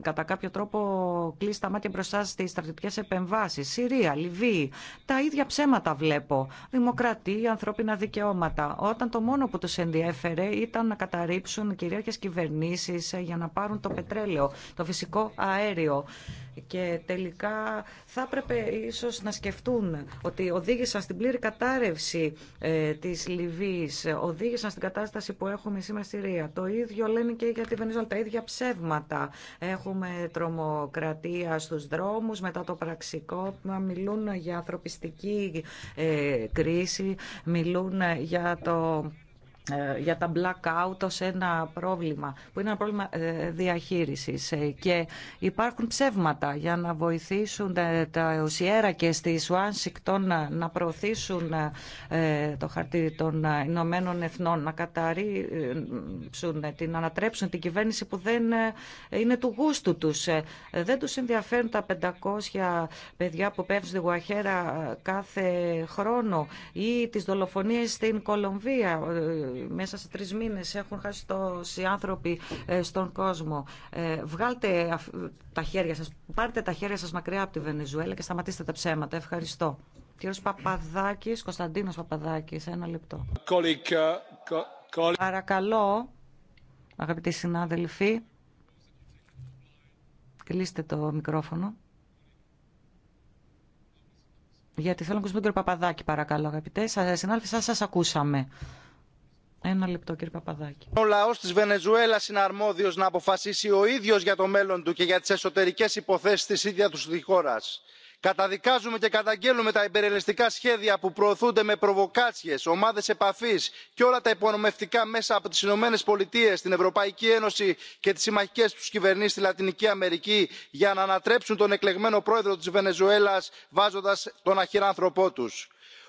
κατά κάποιο τρόπο κλείσει τα μάτια μπροστά στις στρατιωτικές επεμβάσεις. Συρία, Λιβύη, τα ίδια ψέματα βλέπω. Δημοκρατία, ανθρώπινα δικαιώματα. Όταν το μόνο που τους ενδιέφερε ήταν να καταρρύψουν κυρίαρχες κυβερνήσεις ε, για να πάρουν το πετρέλαιο το φυσικό αέριο. Και τελικά θα έπρεπε ίσως να σκεφτούν ότι οδήγησαν στην πλήρη κατάρρευση ε, της Λιβύης, οδήγησαν στην κατάσταση που έχουμε σήμερα στη Ρία. Το ίδιο λένε και για τη Βενιζόλα, τα ίδια ψεύματα. Έχουμε τρομοκρατία στους δρόμους, μετά το πραξικό, μιλούν για ανθρωπιστική ε, κρίση, μιλούν για το ε, για τα blackout ως ένα πρόβλημα που είναι ένα πρόβλημα ε, διαχείρισης ε, και υπάρχουν ψεύματα για να βοηθήσουν τα ουσιέρα και στη Σουάνσικτον να προωθήσουν το χαρτί των Ηνωμένων Εθνών να καταρρίψουν, την ανατρέψουν την κυβέρνηση που δεν είναι του γούστου τους. Δεν τους ενδιαφέρουν τα 500 παιδιά που πέφτουν στη Γουαχέρα κάθε χρόνο ή τις δολοφονίες στην Κολομβία μέσα σε τρεις μήνες έχουν χάσει τόσοι άνθρωποι ε, στον κόσμο. Ε, βγάλτε τα χέρια σας, πάρτε τα χέρια σας μακριά από τη Βενεζουέλα και σταματήστε τα ψέματα. Ευχαριστώ. Κύριος Παπαδάκης, Κωνσταντίνος Παπαδάκης, ένα λεπτό. Ε, παρακαλώ, αγαπητοί συνάδελφοι, κλείστε το μικρόφωνο. Γιατί θέλω να ακούσουμε τον κύριο Παπαδάκη, παρακαλώ, αγαπητέ. Συνάδελφοι, σας σας ακούσαμε. Ένα λεπτό κύριε Παπαδάκη. Ο λαό τη Βενεζουέλα είναι αρμόδιο να αποφασίσει ο ίδιο για το μέλλον του και για τι εσωτερικέ υποθέσει τη ίδια του τη χώρα. Καταδικάζουμε και καταγγέλουμε τα υπερελιστικά σχέδια που προωθούνται με προβοκάτσιε, ομάδε επαφή και όλα τα υπονομευτικά μέσα από τι Ηνωμένε Πολιτείες, την Ευρωπαϊκή Ένωση και τι συμμαχικέ του κυβερνήσει στη Λατινική Αμερική για να ανατρέψουν τον εκλεγμένο πρόεδρο τη Βενεζουέλας βάζοντα τον αχυράνθρωπό του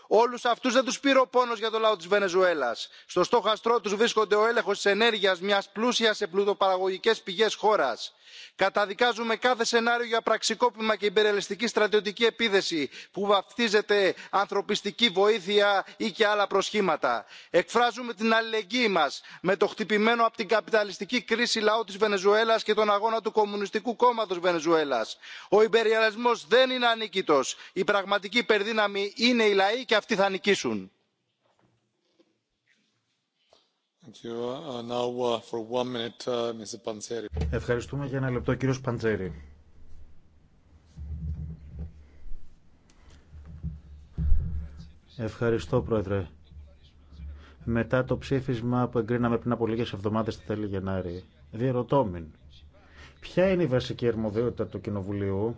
όλους αυτούς δεν τους πήρε ο πόνος για το λαό της βενεζουέλας. στο στόχαστρό του βρίσκονται ο έλεγχος της ενέργειας μιας πλούσιας σε πλουτοπαραγωγικές πηγές χώρας. καταδικάζουμε κάθε σενάριο για πραξικόπημα και υπερελιστική στρατιωτική επίδεση που βαφτίζεται ανθρωπιστική βοήθεια ή και άλλα προσχήματα. εκφράζουμε την αλληλεγγύη μα με το χτυπημένο από την καπιταλιστική κρίση λαό τη βενεζουέλας και τον αγώνα του κομμουνιστικού κόμματο βενεζουέλας. ο υπεριαλισμό δεν είναι ανίκητος. η πραγματική υπερδύναμη είναι η λαοί και αυτοί θα νικήσουν. Uh, uh, uh, Ευχαριστούμε για ένα λεπτό, κύριος Παντζέρη. Ευχαριστώ, Πρόεδρε. Μετά το ψήφισμα που εγκρίναμε πριν από λίγες εβδομάδες στη τέλη Γενάρη, διερωτώμην, ποια είναι η βασική αρμοδιότητα του Κοινοβουλίου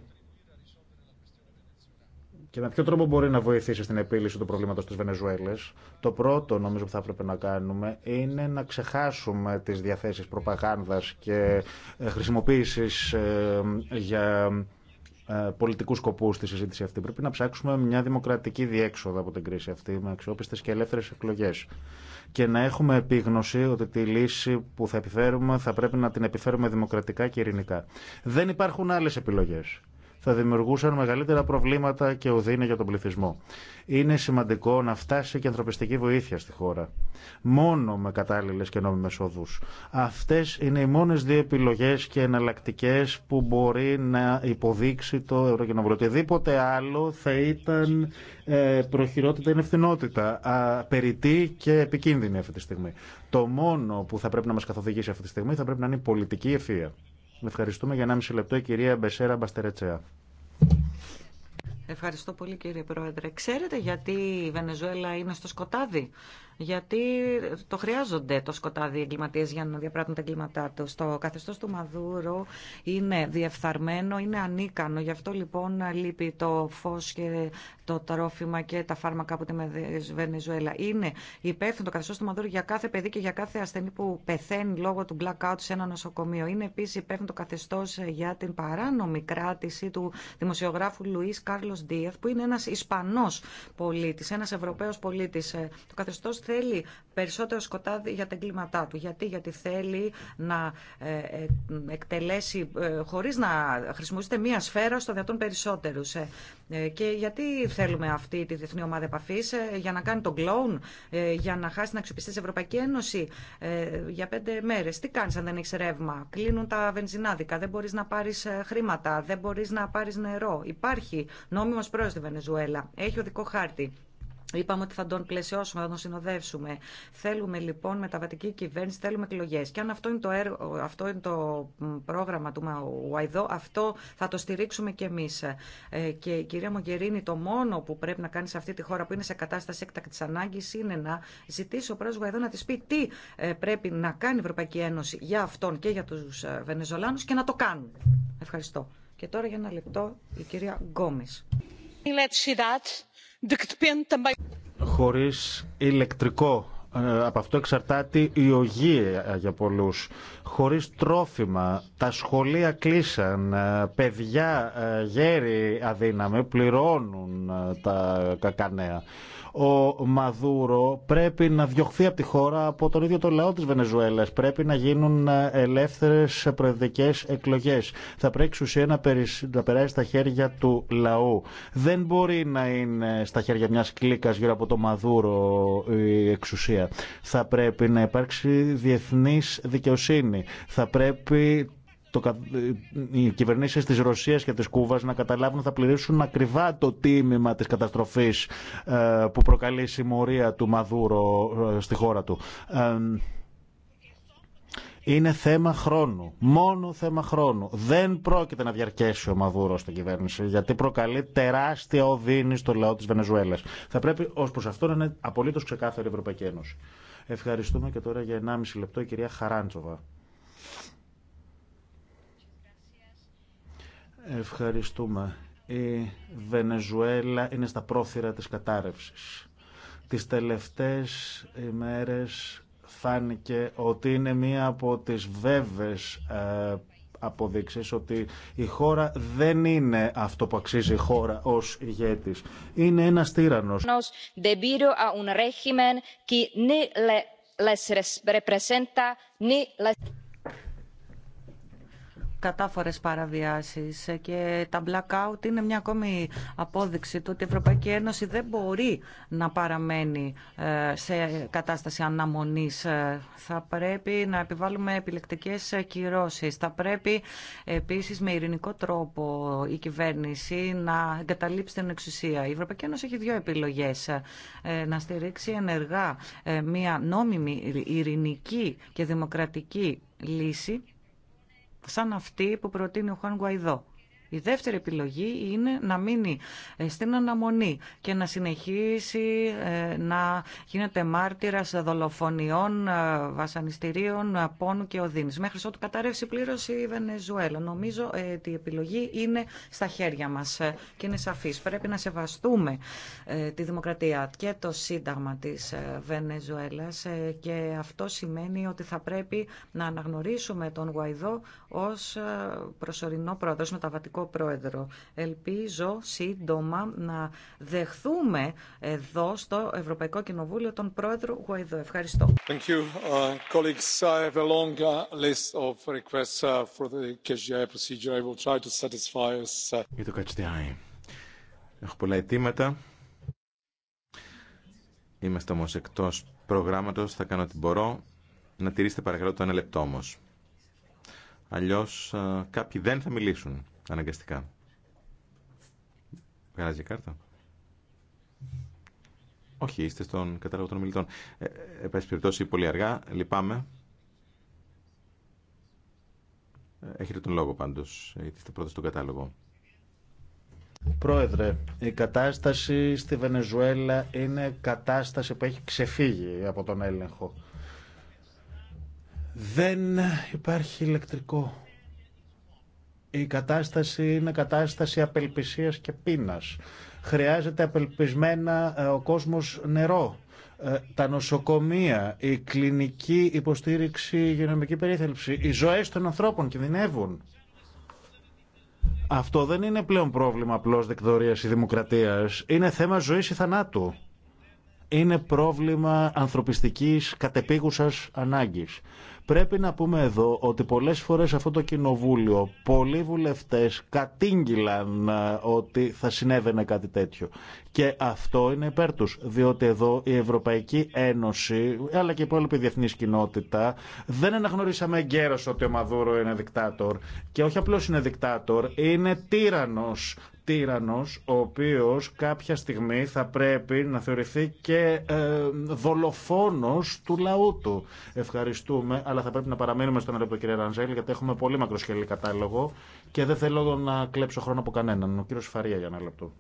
και με ποιο τρόπο μπορεί να βοηθήσει στην επίλυση του προβλήματο τη Βενεζουέλας. Το πρώτο νομίζω που θα έπρεπε να κάνουμε είναι να ξεχάσουμε τι διαθέσει προπαγάνδας και ε, χρησιμοποίησης ε, για ε, πολιτικού σκοπού στη συζήτηση αυτή. Πρέπει να ψάξουμε μια δημοκρατική διέξοδο από την κρίση αυτή με αξιόπιστε και ελεύθερε εκλογέ. Και να έχουμε επίγνωση ότι τη λύση που θα επιφέρουμε θα πρέπει να την επιφέρουμε δημοκρατικά και ειρηνικά. Δεν υπάρχουν άλλε επιλογέ θα δημιουργούσαν μεγαλύτερα προβλήματα και οδύνε για τον πληθυσμό. Είναι σημαντικό να φτάσει και ανθρωπιστική βοήθεια στη χώρα. Μόνο με κατάλληλε και νόμιμε οδού. Αυτέ είναι οι μόνε δύο επιλογέ και εναλλακτικέ που μπορεί να υποδείξει το Ευρωκοινοβούλιο. Οτιδήποτε άλλο θα ήταν ε, προχειρότητα ή ευθυνότητα. Περιτή και επικίνδυνη αυτή τη στιγμή. Το μόνο που θα πρέπει να μα καθοδηγήσει αυτή τη στιγμή θα πρέπει να είναι η πολιτική ευθεία. Ευχαριστούμε για 1,5 λεπτό η κυρία Μπεσέρα Μπαστερετσέα. Ευχαριστώ πολύ κύριε Πρόεδρε. Ξέρετε γιατί η Βενεζουέλα είναι στο σκοτάδι γιατί το χρειάζονται το σκοτάδι οι εγκληματίε για να διαπράττουν τα εγκλήματά του. Το καθεστώ του Μαδούρο είναι διεφθαρμένο, είναι ανίκανο. Γι' αυτό λοιπόν λείπει το φω και το τρόφιμα και τα φάρμακα από τη Βενεζουέλα. Είναι υπεύθυνο το καθεστώ του Μαδούρου για κάθε παιδί και για κάθε ασθενή που πεθαίνει λόγω του blackout σε ένα νοσοκομείο. Είναι επίση υπεύθυνο το καθεστώ για την παράνομη κράτηση του δημοσιογράφου Λουί Κάρλο Ντίεθ, που είναι ένα Ισπανό πολίτη, ένα Ευρωπαίο πολίτη. Το καθεστώ θέλει περισσότερο σκοτάδι για τα εγκλήματά του. Γιατί, Γιατί θέλει να ε, ε, εκτελέσει ε, χωρί να χρησιμοποιείται μία σφαίρα στο δυνατόν περισσότερους. Και γιατί θέλουμε αυτή τη διεθνή ομάδα επαφή, για να κάνει τον κλόουν, για να χάσει την αξιοπιστία τη Ευρωπαϊκή Ένωση για πέντε μέρε. Τι κάνει αν δεν έχει ρεύμα, κλείνουν τα βενζινάδικα, δεν μπορεί να πάρει χρήματα, δεν μπορεί να πάρει νερό. Υπάρχει νόμιμο πρόεδρο στη Βενεζουέλα, έχει οδικό χάρτη. Είπαμε ότι θα τον πλαισιώσουμε, θα τον συνοδεύσουμε. Θέλουμε λοιπόν μεταβατική κυβέρνηση, θέλουμε εκλογέ. Και αν αυτό είναι το, έργο, αυτό είναι το πρόγραμμα του ΟΑΙΔΟ, αυτό θα το στηρίξουμε κι εμεί. Ε, και η κυρία Μογκερίνη, το μόνο που πρέπει να κάνει σε αυτή τη χώρα που είναι σε κατάσταση έκτακτη ανάγκη είναι να ζητήσει ο πρόεδρο ΟΑΙΔΟ να τη πει τι ε, πρέπει να κάνει η Ευρωπαϊκή Ένωση για αυτόν και για του ε, Βενεζολάνου και να το κάνουν. Ευχαριστώ. Και τώρα για ένα λεπτό η κυρία Γκόμη. Let's see that χωρίς ηλεκτρικό ε, από αυτό εξαρτάται η ογεία για πολλούς. Χωρίς τρόφιμα, τα σχολεία κλείσαν, ε, παιδιά ε, γέροι αδύναμοι πληρώνουν τα κακανέα. Ο Μαδούρο πρέπει να διωχθεί από τη χώρα από τον ίδιο το λαό της Βενεζουέλας. Πρέπει να γίνουν ελεύθερες προεδρικές εκλογές. Θα πρέπει εξουσία να, περάσει στα χέρια του λαού. Δεν μπορεί να είναι στα χέρια μιας κλίκας γύρω από το Μαδούρο η εξουσία. Θα πρέπει να υπάρξει διεθνής δικαιοσύνη. Θα πρέπει το, οι κυβερνήσεις της Ρωσίας και της Κούβας να καταλάβουν θα πληρήσουν ακριβά το τίμημα της καταστροφής ε, που προκαλεί η συμμορία του Μαδούρο ε, στη χώρα του. Ε, είναι θέμα χρόνου. Μόνο θέμα χρόνου. Δεν πρόκειται να διαρκέσει ο Μαδούρο στην κυβέρνηση, γιατί προκαλεί τεράστια οδύνη στο λαό τη Βενεζουέλα. Θα πρέπει ω προ αυτό να είναι απολύτω ξεκάθαρη η Ευρωπαϊκή Ένωση. Ευχαριστούμε και τώρα για 1,5 λεπτό η κυρία Χαράντσοβα. Ευχαριστούμε. Η Βενεζουέλα είναι στα πρόθυρα της κατάρρευσης. Τις τελευταίες ημέρες φάνηκε ότι είναι μία από τις βέβες ε, αποδείξεις ότι η χώρα δεν είναι αυτό που αξίζει η χώρα ως ηγέτης. Είναι ένας τύραννος κατάφορες παραβιάσεις και τα blackout είναι μια ακόμη απόδειξη του ότι η Ευρωπαϊκή Ένωση δεν μπορεί να παραμένει ε, σε κατάσταση αναμονής. Ε, θα πρέπει να επιβάλλουμε επιλεκτικές κυρώσεις. Θα πρέπει επίσης με ειρηνικό τρόπο η κυβέρνηση να εγκαταλείψει την εξουσία. Η Ευρωπαϊκή Ένωση έχει δύο επιλογές. Ε, να στηρίξει ενεργά μια νόμιμη ειρηνική και δημοκρατική λύση σαν αυτή που προτείνει ο Χουάν Γουαϊδό. Η δεύτερη επιλογή είναι να μείνει ε, στην αναμονή και να συνεχίσει ε, να γίνεται μάρτυρας δολοφονιών, ε, βασανιστήριων, πόνου και οδύνης. Μέχρι ότου καταρρεύσει πλήρως η Βενεζουέλα. Νομίζω ότι η επιλογή είναι στα χέρια μας και είναι σαφής. Πρέπει να σεβαστούμε τη δημοκρατία και το σύνταγμα της Βενεζουέλας και αυτό σημαίνει ότι θα πρέπει να αναγνωρίσουμε τον Γουαϊδό ως προσωρινό πρόεδρος μεταβατικό Πρόεδρο. Ελπίζω σύντομα να δεχθούμε εδώ στο Ευρωπαϊκό Κοινοβούλιο τον Πρόεδρο Γουαϊδό. Ευχαριστώ. Thank you. Έχω πολλά αιτήματα. Είμαστε όμω εκτό προγράμματο. Θα κάνω ό,τι μπορώ. Να τηρήσετε παρακαλώ το ένα λεπτό όμω. Αλλιώ uh, κάποιοι δεν θα μιλήσουν. Αναγκαστικά. Γαλάζια κάρτα. Όχι, είστε στον κατάλογο των μιλητών. Ε, ε πολύ αργά. Λυπάμαι. Ε, έχετε τον λόγο πάντως, είστε πρώτος στον κατάλογο. Πρόεδρε, η κατάσταση στη Βενεζουέλα είναι κατάσταση που έχει ξεφύγει από τον έλεγχο. Δεν υπάρχει ηλεκτρικό η κατάσταση είναι κατάσταση απελπισίας και πείνας. Χρειάζεται απελπισμένα ε, ο κόσμος νερό, ε, τα νοσοκομεία, η κλινική υποστήριξη, η υγειονομική περίθαλψη, οι ζωές των ανθρώπων κινδυνεύουν. Αυτό δεν είναι πλέον πρόβλημα απλώς δικτορίας ή δημοκρατίας. Είναι θέμα ζωής ή θανάτου είναι πρόβλημα ανθρωπιστικής κατεπίγουσας ανάγκης. Πρέπει να πούμε εδώ ότι πολλές φορές αυτό το κοινοβούλιο πολλοί βουλευτές κατήγγυλαν ε, ότι θα συνέβαινε κάτι τέτοιο. Και αυτό είναι υπέρ τους, διότι εδώ η Ευρωπαϊκή Ένωση, αλλά και η υπόλοιπη διεθνής κοινότητα, δεν αναγνωρίσαμε εγκαίρως ότι ο Μαδούρο είναι δικτάτορ. Και όχι απλώς είναι δικτάτορ, είναι τύρανος τύρανος ο οποίος κάποια στιγμή θα πρέπει να θεωρηθεί και ε, δολοφόνος του λαού του. Ευχαριστούμε, αλλά θα πρέπει να παραμείνουμε στον του κύριε Ρανζέλη, γιατί έχουμε πολύ μακροσχελή κατάλογο και δεν θέλω να κλέψω χρόνο από κανέναν. Ο κύριος Φαρία για ένα λεπτό.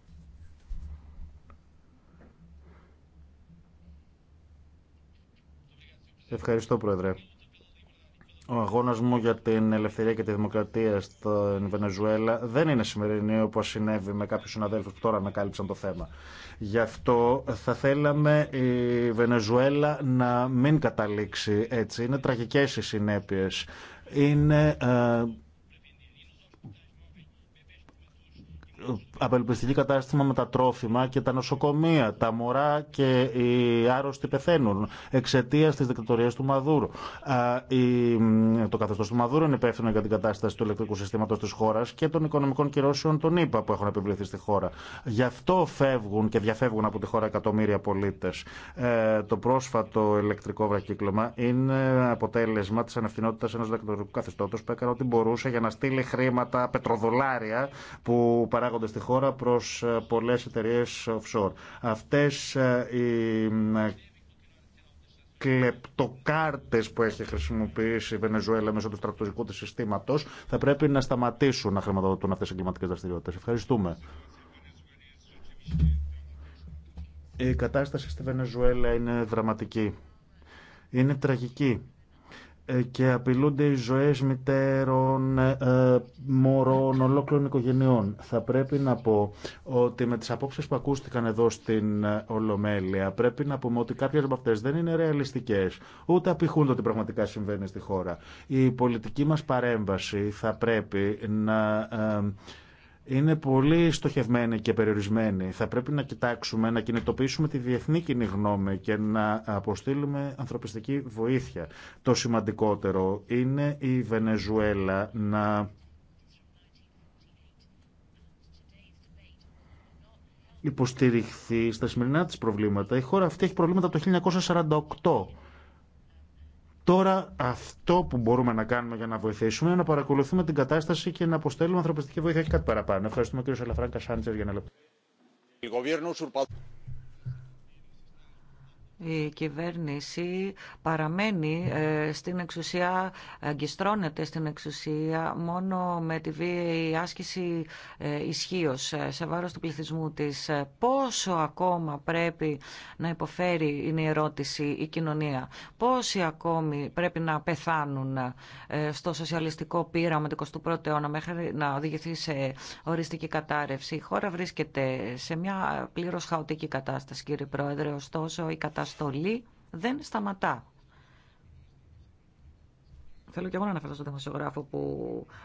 Ευχαριστώ, Πρόεδρε. Ο αγώνα μου για την ελευθερία και τη δημοκρατία στην Βενεζουέλα δεν είναι σημερινή όπω συνέβη με κάποιου συναδέλφου που τώρα ανακάλυψαν το θέμα. Γι' αυτό θα θέλαμε η Βενεζουέλα να μην καταλήξει έτσι. Είναι τραγικέ οι συνέπειε. Είναι ε, απελπιστική κατάσταση με τα τρόφιμα και τα νοσοκομεία. Τα μωρά και οι άρρωστοι πεθαίνουν εξαιτία τη δικτατορία του Μαδούρου. Το καθεστώ του Μαδούρου είναι υπεύθυνο για την κατάσταση του ηλεκτρικού συστήματο τη χώρα και των οικονομικών κυρώσεων των ΗΠΑ που έχουν επιβληθεί στη χώρα. Γι' αυτό φεύγουν και διαφεύγουν από τη χώρα εκατομμύρια πολίτε. Ε, το πρόσφατο ηλεκτρικό βρακύκλωμα είναι αποτέλεσμα τη ανευθυνότητα ενό δικτατορικού καθεστώτο που έκανε ό,τι μπορούσε για να στείλει χρήματα, πετροδολάρια που παράγονται στη χώρα προς ε, πολλές εταιρείες offshore. Αυτές ε, οι ε, κλεπτοκάρτες που έχει χρησιμοποιήσει η Βενεζουέλα μέσω του στρατιωτικού της συστήματος θα πρέπει να σταματήσουν να χρηματοδοτούν αυτές οι εγκληματικές δραστηριότητες. Ευχαριστούμε. Η κατάσταση στη Βενεζουέλα είναι δραματική. Είναι τραγική. Ε, και απειλούνται οι ζωές μητέρων, ε, ε, μωρών, ολόκληρων οικογενειών. Θα πρέπει να πω ότι με τις απόψεις που ακούστηκαν εδώ στην Ολομέλεια πρέπει να πούμε ότι κάποιες από αυτές δεν είναι ρεαλιστικές, ούτε απηχούν το τι πραγματικά συμβαίνει στη χώρα. Η πολιτική μας παρέμβαση θα πρέπει να είναι πολύ στοχευμένη και περιορισμένη. Θα πρέπει να κοιτάξουμε, να κινητοποιήσουμε τη διεθνή κοινή γνώμη και να αποστείλουμε ανθρωπιστική βοήθεια. Το σημαντικότερο είναι η Βενεζουέλα να υποστηριχθεί στα σημερινά της προβλήματα. Η χώρα αυτή έχει προβλήματα από το 1948 Τώρα αυτό που μπορούμε να κάνουμε για να βοηθήσουμε είναι να παρακολουθούμε την κατάσταση και να αποστέλουμε ανθρωπιστική βοήθεια και κάτι παραπάνω. Ευχαριστούμε κύριο Σαλαφράγκα Σάντζερ για ένα λεπτό η κυβέρνηση παραμένει ε, στην εξουσία, αγκιστρώνεται στην εξουσία μόνο με τη βίαιη άσκηση ε, ισχύω ε, σε βάρος του πληθυσμού της. Πόσο ακόμα πρέπει να υποφέρει, είναι η ερώτηση, η κοινωνία. Πόσοι ακόμη πρέπει να πεθάνουν στο σοσιαλιστικό πείραμα του 21ου αιώνα μέχρι να οδηγηθεί σε οριστική κατάρρευση. Η χώρα βρίσκεται σε μια πλήρως χαοτική κατάσταση, κύριε Πρόεδρε. Ωστόσο, η κατάσταση καταστολή δεν σταματά. Θέλω και εγώ να αναφέρω στον δημοσιογράφο που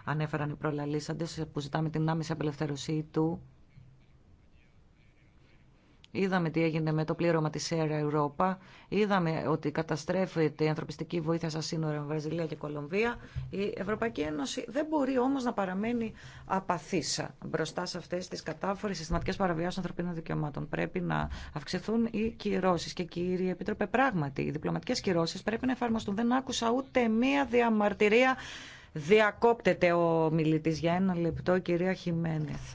ανέφεραν οι προλαλήσαντε, που ζητάμε την άμεση απελευθέρωσή του Είδαμε τι έγινε με το πλήρωμα της Air Europa. Είδαμε ότι καταστρέφεται η ανθρωπιστική βοήθεια στα σύνορα με Βραζιλία και Κολομβία. Η Ευρωπαϊκή Ένωση δεν μπορεί όμως να παραμένει απαθήσα μπροστά σε αυτές τις κατάφορες συστηματικές παραβιάσεις ανθρωπίνων δικαιωμάτων. Πρέπει να αυξηθούν οι κυρώσεις και κύριε Επίτροπε πράγματι οι διπλωματικές κυρώσεις πρέπει να εφαρμοστούν. Δεν άκουσα ούτε μία διαμαρτυρία Διακόπτεται ο μιλητή για ένα λεπτό, κυρία Χιμένεθ.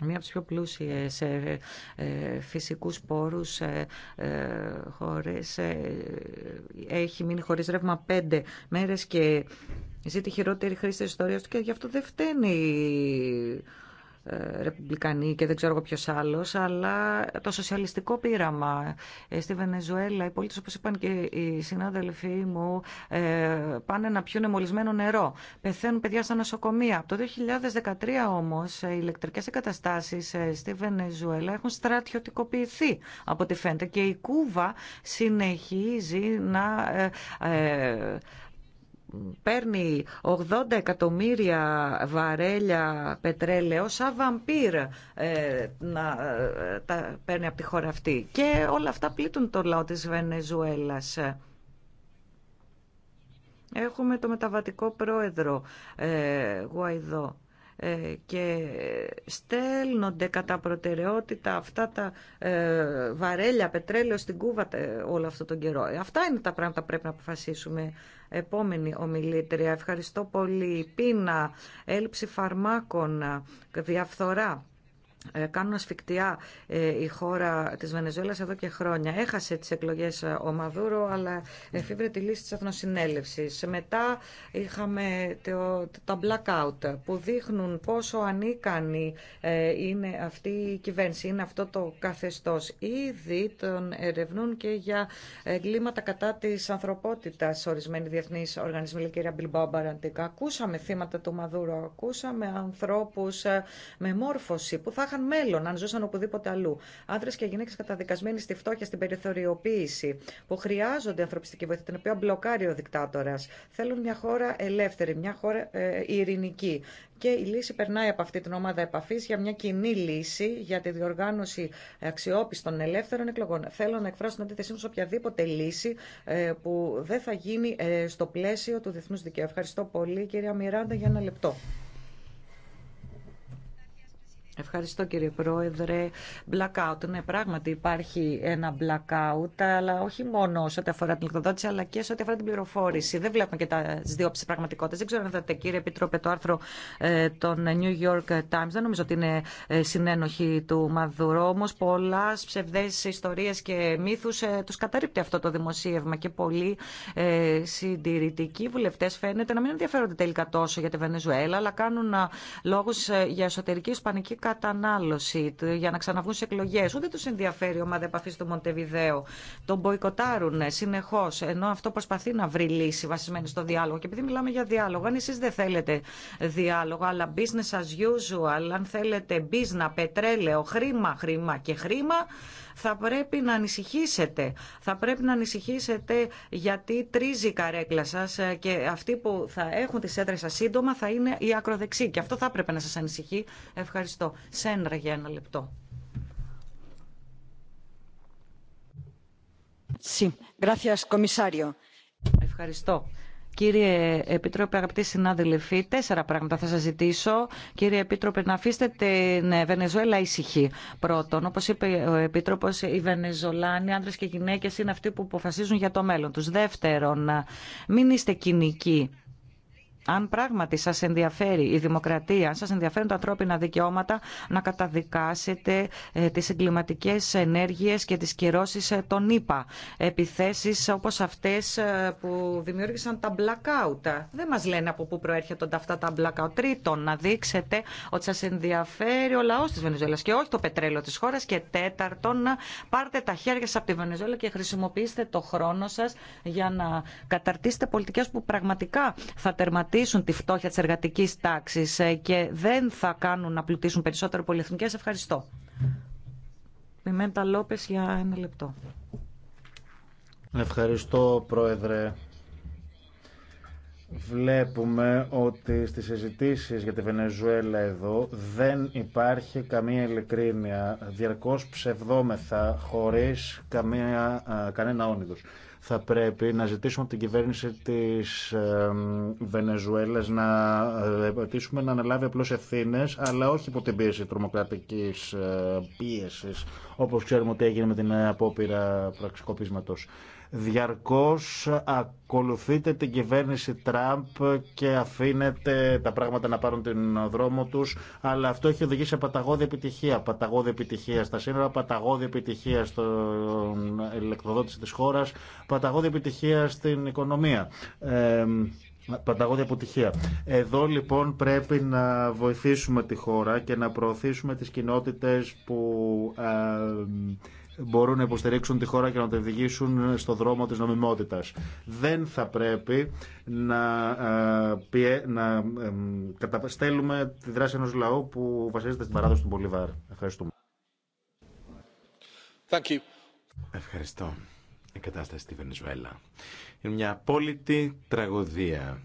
Μία από τις πιο πλούσιες ε, ε, φυσικούς πόρους ε, χώρες έχει μείνει χωρίς ρεύμα πέντε μέρες και ζει τη χειρότερη χρήση της ιστορίας του και γι' αυτό δεν φταίνει ε, ρεπουμπλικανοί και δεν ξέρω εγώ ποιος άλλος, αλλά το σοσιαλιστικό πείραμα ε, στη Βενεζουέλα, οι πολίτες όπως είπαν και οι συνάδελφοί μου ε, πάνε να πιούν μολυσμένο νερό, πεθαίνουν παιδιά στα νοσοκομεία. Από το 2013 όμως οι ηλεκτρικές εγκαταστάσεις στη Βενεζουέλα έχουν στρατιωτικοποιηθεί από ό,τι φαίνεται και η Κούβα συνεχίζει να παίρνει 80 εκατομμύρια βαρέλια πετρέλαιο σαν βαμπύρ ε, να ε, τα παίρνει από τη χώρα αυτή. Και όλα αυτά πλήττουν το λαό της Βενεζουέλας. Έχουμε το μεταβατικό πρόεδρο ε, Γουαϊδό ε, και στέλνονται κατά προτεραιότητα αυτά τα ε, βαρέλια πετρέλαιο στην Κούβα όλο αυτό τον καιρό. Ε, αυτά είναι τα πράγματα που πρέπει να αποφασίσουμε. Επόμενη ομιλήτρια. Ευχαριστώ πολύ. πίνα, έλλειψη φαρμάκων, διαφθορά ε, κάνουν ασφικτιά ε, η χώρα της Βενεζουέλας εδώ και χρόνια. Έχασε τις εκλογές ε, ο Μαδούρο, αλλά εφήβρε τη λύση της Εθνοσυνέλευσης. Μετά είχαμε το, τα blackout που δείχνουν πόσο ανίκανη είναι αυτή η κυβέρνηση, είναι αυτό το καθεστώς. Ήδη τον ερευνούν και για εγκλήματα κατά της ανθρωπότητας ορισμένοι διεθνείς οργανισμοί, λέει κυρία Μπιλμπάου Μπαραντικά. Ακούσαμε θύματα του Μαδούρο, ακούσαμε ανθρώπους με μόρφωση που θα είχαν μέλλον αν ζούσαν οπουδήποτε αλλού. Άντρε και γυναίκε καταδικασμένοι στη φτώχεια, στην περιθωριοποίηση, που χρειάζονται ανθρωπιστική βοήθεια, την οποία μπλοκάρει ο δικτάτορα. Θέλουν μια χώρα ελεύθερη, μια χώρα ε, ειρηνική. Και η λύση περνάει από αυτή την ομάδα επαφή για μια κοινή λύση για τη διοργάνωση αξιόπιστων ελεύθερων εκλογών. Θέλω να εκφράσω την αντίθεσή μου σε οποιαδήποτε λύση ε, που δεν θα γίνει ε, στο πλαίσιο του διεθνού δικαίου. Ευχαριστώ πολύ, κυρία Μιράντα, για ένα λεπτό. Ευχαριστώ κύριε Πρόεδρε. Blackout. Ναι, πράγματι υπάρχει ένα blackout, αλλά όχι μόνο σε ό,τι αφορά την εκδοδότηση, αλλά και σε ό,τι αφορά την πληροφόρηση. Δεν βλέπουμε και τα δύο πραγματικότητες. Δεν ξέρω αν είδατε, κύριε Επίτροπε, το άρθρο ε, των New York Times. Δεν νομίζω ότι είναι ε, συνένοχη του Μαδουρό. Όμω, πολλά ψευδέ ιστορίε και μύθου ε, του καταρρύπτει αυτό το δημοσίευμα και πολλοί ε, συντηρητικοί βουλευτέ φαίνεται να μην ενδιαφέρονται τελικά τόσο για τη Βενεζουέλα, αλλά κάνουν ε, λόγου για εσωτερική ισπανική κατανάλωση για να ξαναβγούν σε εκλογέ. Ούτε του ενδιαφέρει η ομάδα επαφή του Μοντεβιδέο. Τον μποϊκοτάρουν συνεχώ, ενώ αυτό προσπαθεί να βρει λύση βασισμένη στο διάλογο. Και επειδή μιλάμε για διάλογο, αν εσεί δεν θέλετε διάλογο, αλλά business as usual, αν θέλετε business, πετρέλαιο, χρήμα, χρήμα και χρήμα, θα πρέπει να ανησυχήσετε. Θα πρέπει να ανησυχήσετε γιατί τρίζει η καρέκλα σα. Ε, και αυτοί που θα έχουν τις έδρε σα σύντομα θα είναι οι ακροδεξοί. Και αυτό θα πρέπει να σας ανησυχεί. Ευχαριστώ. Σένρα για ένα λεπτό. Sí. Gracias, Ευχαριστώ. Κύριε Επίτροπε, αγαπητοί συνάδελφοι, τέσσερα πράγματα θα σα ζητήσω. Κύριε Επίτροπε, να αφήσετε την Βενεζουέλα ήσυχη. Πρώτον, όπω είπε ο Επίτροπο, οι Βενεζολάνοι, άντρε και γυναίκε, είναι αυτοί που αποφασίζουν για το μέλλον του. Δεύτερον, μην είστε κοινικοί αν πράγματι σα ενδιαφέρει η δημοκρατία, αν σα ενδιαφέρουν τα ανθρώπινα δικαιώματα, να καταδικάσετε ε, τι εγκληματικέ ενέργειε και τις κυρώσεις ε, των ΗΠΑ. Επιθέσεις όπως αυτές ε, που δημιούργησαν τα blackout. Δεν μα λένε από πού προέρχονται αυτά τα blackout. Τρίτον, να δείξετε ότι σα ενδιαφέρει ο λαό τη Βενεζουέλα και όχι το πετρέλαιο τη χώρα Και τέταρτον, να πάρτε τα χέρια σα από τη Βενεζουέλα και χρησιμοποιήστε το χρόνο σα για να καταρτήσετε πολιτικέ που πραγματικά θα τερματίσουν πλουτίσουν τη φτώχεια τη εργατικής τάξης ε, και δεν θα κάνουν να πλουτίσουν περισσότερο πολυεθνικέ. Ευχαριστώ. Πιμέντα λόπε για ένα λεπτό. Ευχαριστώ Πρόεδρε. Βλέπουμε ότι στις συζητήσει για τη Βενεζουέλα εδώ δεν υπάρχει καμία ειλικρίνεια. Διαρκώς ψευδόμεθα χωρίς καμία, κανένα όνειδος. Θα πρέπει να ζητήσουμε από την κυβέρνηση της Βενεζουέλας να ε, να αναλάβει απλώς ευθύνε, αλλά όχι υπό την πίεση τρομοκρατικής ε, πίεσης, όπως ξέρουμε ότι έγινε με την απόπειρα πραξικοπίσματος. Διαρκώς ακολουθείτε την κυβέρνηση Τραμπ και αφήνετε τα πράγματα να πάρουν τον δρόμο τους, αλλά αυτό έχει οδηγήσει σε παταγώδη επιτυχία. Παταγώδη επιτυχία στα σύνορα, παταγώδη επιτυχία στον ηλεκτροδότηση της χώρας, παταγώδη επιτυχία στην οικονομία. Ε, επιτυχία. αποτυχία. Εδώ λοιπόν πρέπει να βοηθήσουμε τη χώρα και να προωθήσουμε τις κοινότητες που μπορούν να υποστηρίξουν τη χώρα και να την οδηγήσουν στο δρόμο της νομιμότητας. Δεν θα πρέπει να, ε, πιε, να καταστέλουμε τη δράση ενός λαού που βασίζεται στην παράδοση του Μπολιβάρ. Ευχαριστούμε. Thank you. Ευχαριστώ. Η κατάσταση στη Βενεζουέλα είναι μια απόλυτη τραγωδία.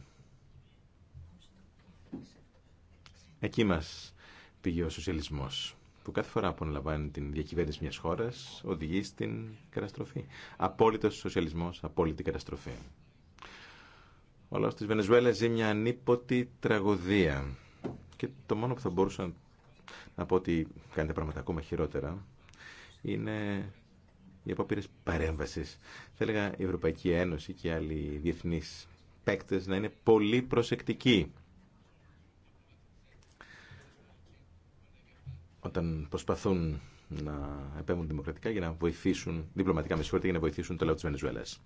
Εκεί μας πήγε ο σοσιαλισμός που κάθε φορά που αναλαμβάνει την διακυβέρνηση μιας χώρας οδηγεί στην καταστροφή. Απόλυτο σοσιαλισμό απόλυτη καταστροφή. Ο λαό τη Βενεζουέλα ζει μια ανίποτη τραγωδία. Και το μόνο που θα μπορούσα να πω ότι κάνει τα πράγματα ακόμα χειρότερα είναι οι απόπειρε παρέμβαση. Θα έλεγα η Ευρωπαϊκή Ένωση και άλλοι διεθνεί παίκτε να είναι πολύ προσεκτικοί όταν προσπαθούν να επέμβουν δημοκρατικά για να βοηθήσουν, διπλωματικά με συγχωρείτε, για να βοηθήσουν το λαό της Βενεζουέλας.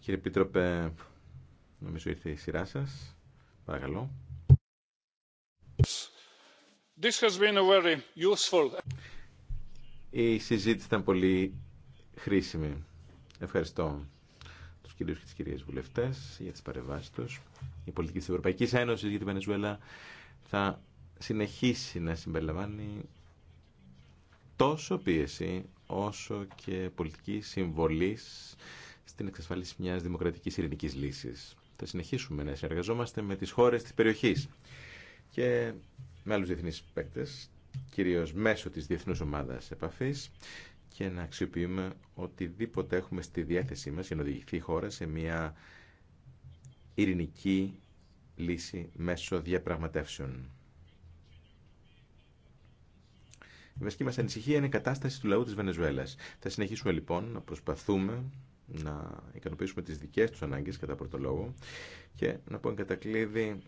Κύριε Πίτροπε, νομίζω ήρθε η σειρά σας. Παρακαλώ. This has been a very useful... Η συζήτηση ήταν πολύ χρήσιμη. Ευχαριστώ τους κυρίους και τις κυρίες βουλευτές για τις παρεμβάσεις τους. Η πολιτική της Ευρωπαϊκής Ένωσης για τη Βενεζουέλα θα συνεχίσει να συμπεριλαμβάνει τόσο πίεση όσο και πολιτική συμβολή στην εξασφάλιση μιας δημοκρατικής ειρηνικής λύσης. Θα συνεχίσουμε να συνεργαζόμαστε με τις χώρες της περιοχής και με άλλους διεθνείς παίκτες, κυρίως μέσω της Διεθνούς Ομάδας Επαφής και να αξιοποιούμε οτιδήποτε έχουμε στη διάθεσή μας για να οδηγηθεί η χώρα σε μια ειρηνική λύση μέσω διαπραγματεύσεων. Η βασική μας ανησυχία είναι η κατάσταση του λαού της Βενεζουέλα. Θα συνεχίσουμε λοιπόν να προσπαθούμε να ικανοποιήσουμε τις δικέ του ανάγκες κατά πρώτο λόγο και να πω εγκατακλείδη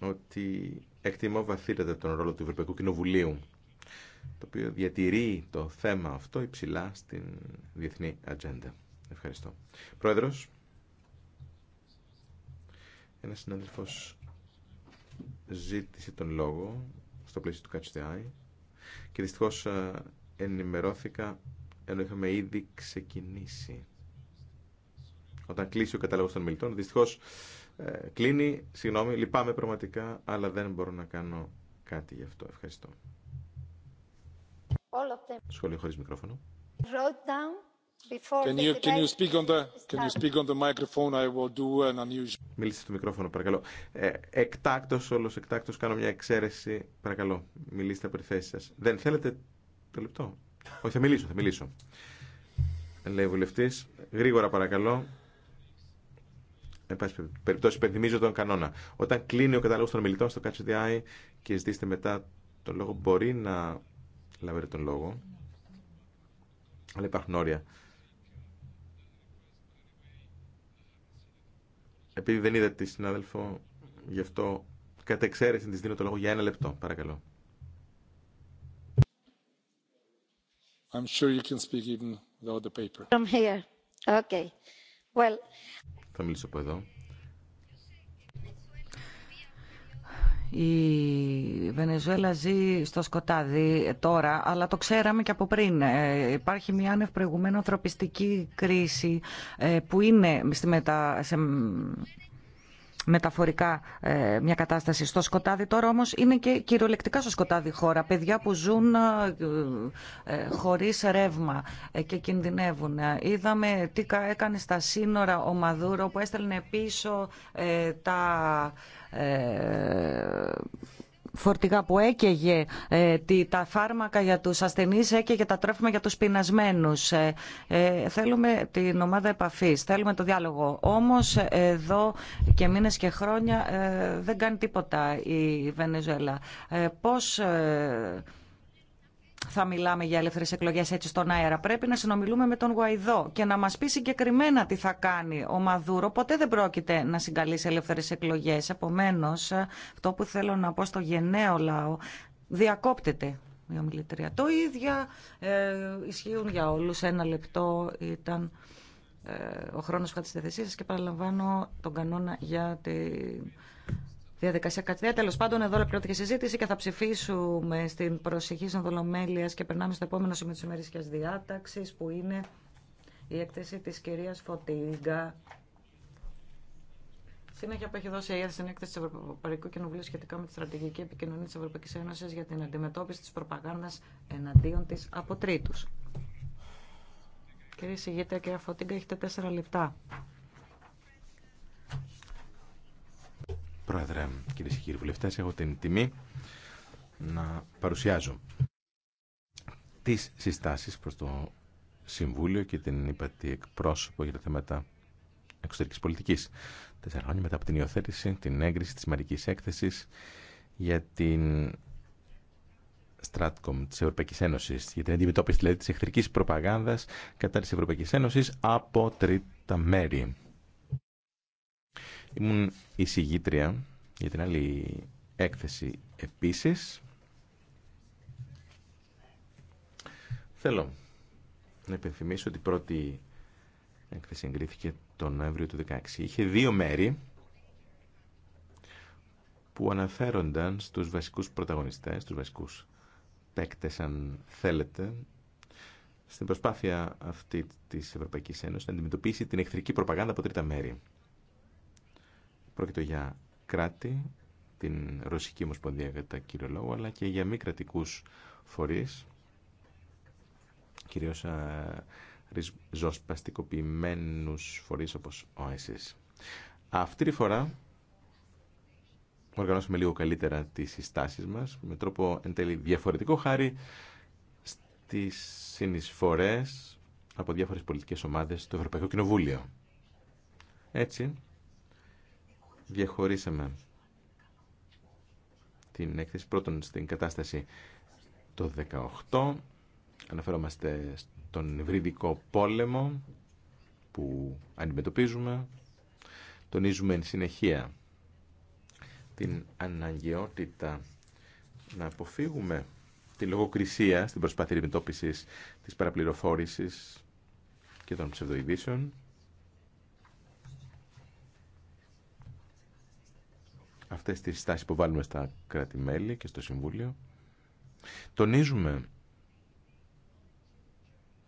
ότι εκτιμώ βαθύτατα τον ρόλο του Ευρωπαϊκού Κοινοβουλίου το οποίο διατηρεί το θέμα αυτό υψηλά στην διεθνή ατζέντα. Ευχαριστώ. Πρόεδρος, Ένα συνάδελφος ζήτησε τον λόγο στο πλαίσιο του Catch και δυστυχώ ε, ενημερώθηκα ενώ είχαμε ήδη ξεκινήσει. Όταν κλείσει ο κατάλογο των μιλητών, Δυστυχώ ε, κλείνει, συγγνώμη, λυπάμαι πραγματικά, αλλά δεν μπορώ να κάνω κάτι γι' αυτό. Ευχαριστώ. All μικρόφωνο. down Μίλησε στο μικρόφωνο, παρακαλώ. Ε, όλο εκτάκτο κάνω μια εξαίρεση. Παρακαλώ, μιλήστε από τη θέση σα. Δεν θέλετε το λεπτό. Όχι, θα μιλήσω, θα μιλήσω. Λέει ο βουλευτή. Γρήγορα, παρακαλώ. Εν πάση περιπτώσει, υπενθυμίζω τον κανόνα. Όταν κλείνει ο κατάλογο των μιλητών στο Catch the και ζητήσετε μετά τον λόγο, μπορεί να λάβετε τον λόγο. Αλλά υπάρχουν όρια. Επειδή δεν είδα τη συνάδελφο, γι' αυτό κατ' εξαίρεση τη δίνω το λόγο για ένα λεπτό, παρακαλώ. Θα μιλήσω από εδώ. Η Βενεζουέλα ζει στο σκοτάδι τώρα, αλλά το ξέραμε και από πριν. Ε, υπάρχει μια ανευπροηγουμένη ανθρωπιστική κρίση ε, που είναι στη μεταφορικά ε, μια κατάσταση στο σκοτάδι. Τώρα όμως είναι και κυριολεκτικά στο σκοτάδι χώρα. Παιδιά που ζουν ε, ε, χωρίς ρεύμα και κινδυνεύουν. Είδαμε τι έκανε στα σύνορα ο Μαδούρο που έστελνε πίσω τα φορτηγά που έκαιγε ε, τα φάρμακα για τους ασθενείς, έκαιγε τα τρόφιμα για τους πεινασμένους. Ε, ε, θέλουμε την ομάδα επαφής, θέλουμε το διάλογο. Όμως εδώ και μήνες και χρόνια δεν κάνει τίποτα η Βενεζουέλα. Πώς θα μιλάμε για ελεύθερες εκλογέ έτσι στον αέρα. Πρέπει να συνομιλούμε με τον Γουαϊδό και να μας πει συγκεκριμένα τι θα κάνει ο Μαδούρο. Ποτέ δεν πρόκειται να συγκαλεί σε ελεύθερες εκλογές. αυτό που θέλω να πω στο γενναίο λαό διακόπτεται. Η ομιλητρία. Το ίδιο ε, ισχύουν για όλους. Ένα λεπτό ήταν ε, ο χρόνο που είχατε στη θέση σα και παραλαμβάνω τον κανόνα για την διαδικασία κατηδία. Τέλο πάντων, εδώ ολοκληρώθηκε η συζήτηση και θα ψηφίσουμε στην προσεχή συνδολομέλεια και περνάμε στο επόμενο σημείο τη ημερήσια διάταξη που είναι η έκθεση τη κυρία Φωτίγκα. Συνέχεια που έχει δώσει η ΕΕ στην έκθεση του Ευρωπαϊκού Κοινοβουλίου σχετικά με τη στρατηγική επικοινωνία τη Ευρωπαϊκή Ένωση για την αντιμετώπιση τη προπαγάνδα εναντίον τη από τρίτου. Κύριε Σιγήτρια, κύριε Φωτίγκα, έχετε τέσσερα λεπτά. Πρόεδρε, κυρίε και κύριοι βουλευτέ, έχω την τιμή να παρουσιάζω τις συστάσεις προς το Συμβούλιο και την υπατή εκπρόσωπο για τα θέματα εξωτερική πολιτικής. Τέσσερα χρόνια μετά από την υιοθέτηση, την έγκριση της μαρικής έκθεσης για την Stratcom τη Ευρωπαϊκή Ένωση, για την αντιμετώπιση δηλαδή της εχθρική προπαγάνδας κατά τη Ευρωπαϊκή Ένωση από τρίτα μέρη. Ήμουν εισηγήτρια για την άλλη έκθεση επίσης. Θέλω να υπενθυμίσω ότι η πρώτη έκθεση εγκρίθηκε τον Νοέμβριο του 2016. Είχε δύο μέρη που αναφέρονταν στους βασικούς πρωταγωνιστές, στους βασικούς παίκτες αν θέλετε, στην προσπάθεια αυτή της Ευρωπαϊκής Ένωσης να αντιμετωπίσει την εχθρική προπαγάνδα από τρίτα μέρη. Πρόκειται για κράτη, την Ρωσική Ομοσπονδία κατά κύριο λόγο, αλλά και για μη κρατικού φορεί, κυρίω ριζοσπαστικοποιημένου φορεί όπω ο ΕΣΥΣ. Αυτή τη φορά οργανώσαμε λίγο καλύτερα τις συστάσει μα, με τρόπο εν τέλει διαφορετικό χάρη στι συνεισφορέ από διάφορε πολιτικέ ομάδες στο Ευρωπαϊκό Κοινοβούλιο. Έτσι, διαχωρίσαμε την έκθεση πρώτον στην κατάσταση το 18. Αναφερόμαστε στον ευρύδικο πόλεμο που αντιμετωπίζουμε. Τονίζουμε εν συνεχεία την αναγκαιότητα να αποφύγουμε τη λογοκρισία στην προσπάθεια αντιμετώπισης της παραπληροφόρησης και των ψευδοειδήσεων. αυτές τις στάσεις που βάλουμε στα κράτη-μέλη και στο Συμβούλιο. Τονίζουμε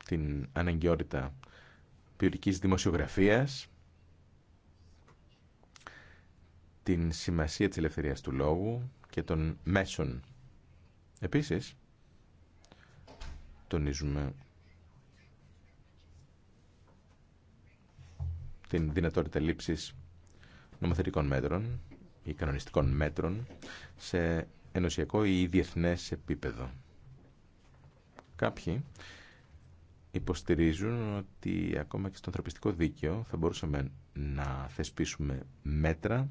την αναγκαιότητα ποιοτική δημοσιογραφίας, την σημασία της ελευθερίας του λόγου και των μέσων. Επίσης, τονίζουμε την δυνατότητα λήψης νομοθετικών μέτρων ή κανονιστικών μέτρων σε ενωσιακό ή διεθνές επίπεδο. Κάποιοι υποστηρίζουν ότι ακόμα και στο ανθρωπιστικό δίκαιο θα μπορούσαμε να θεσπίσουμε μέτρα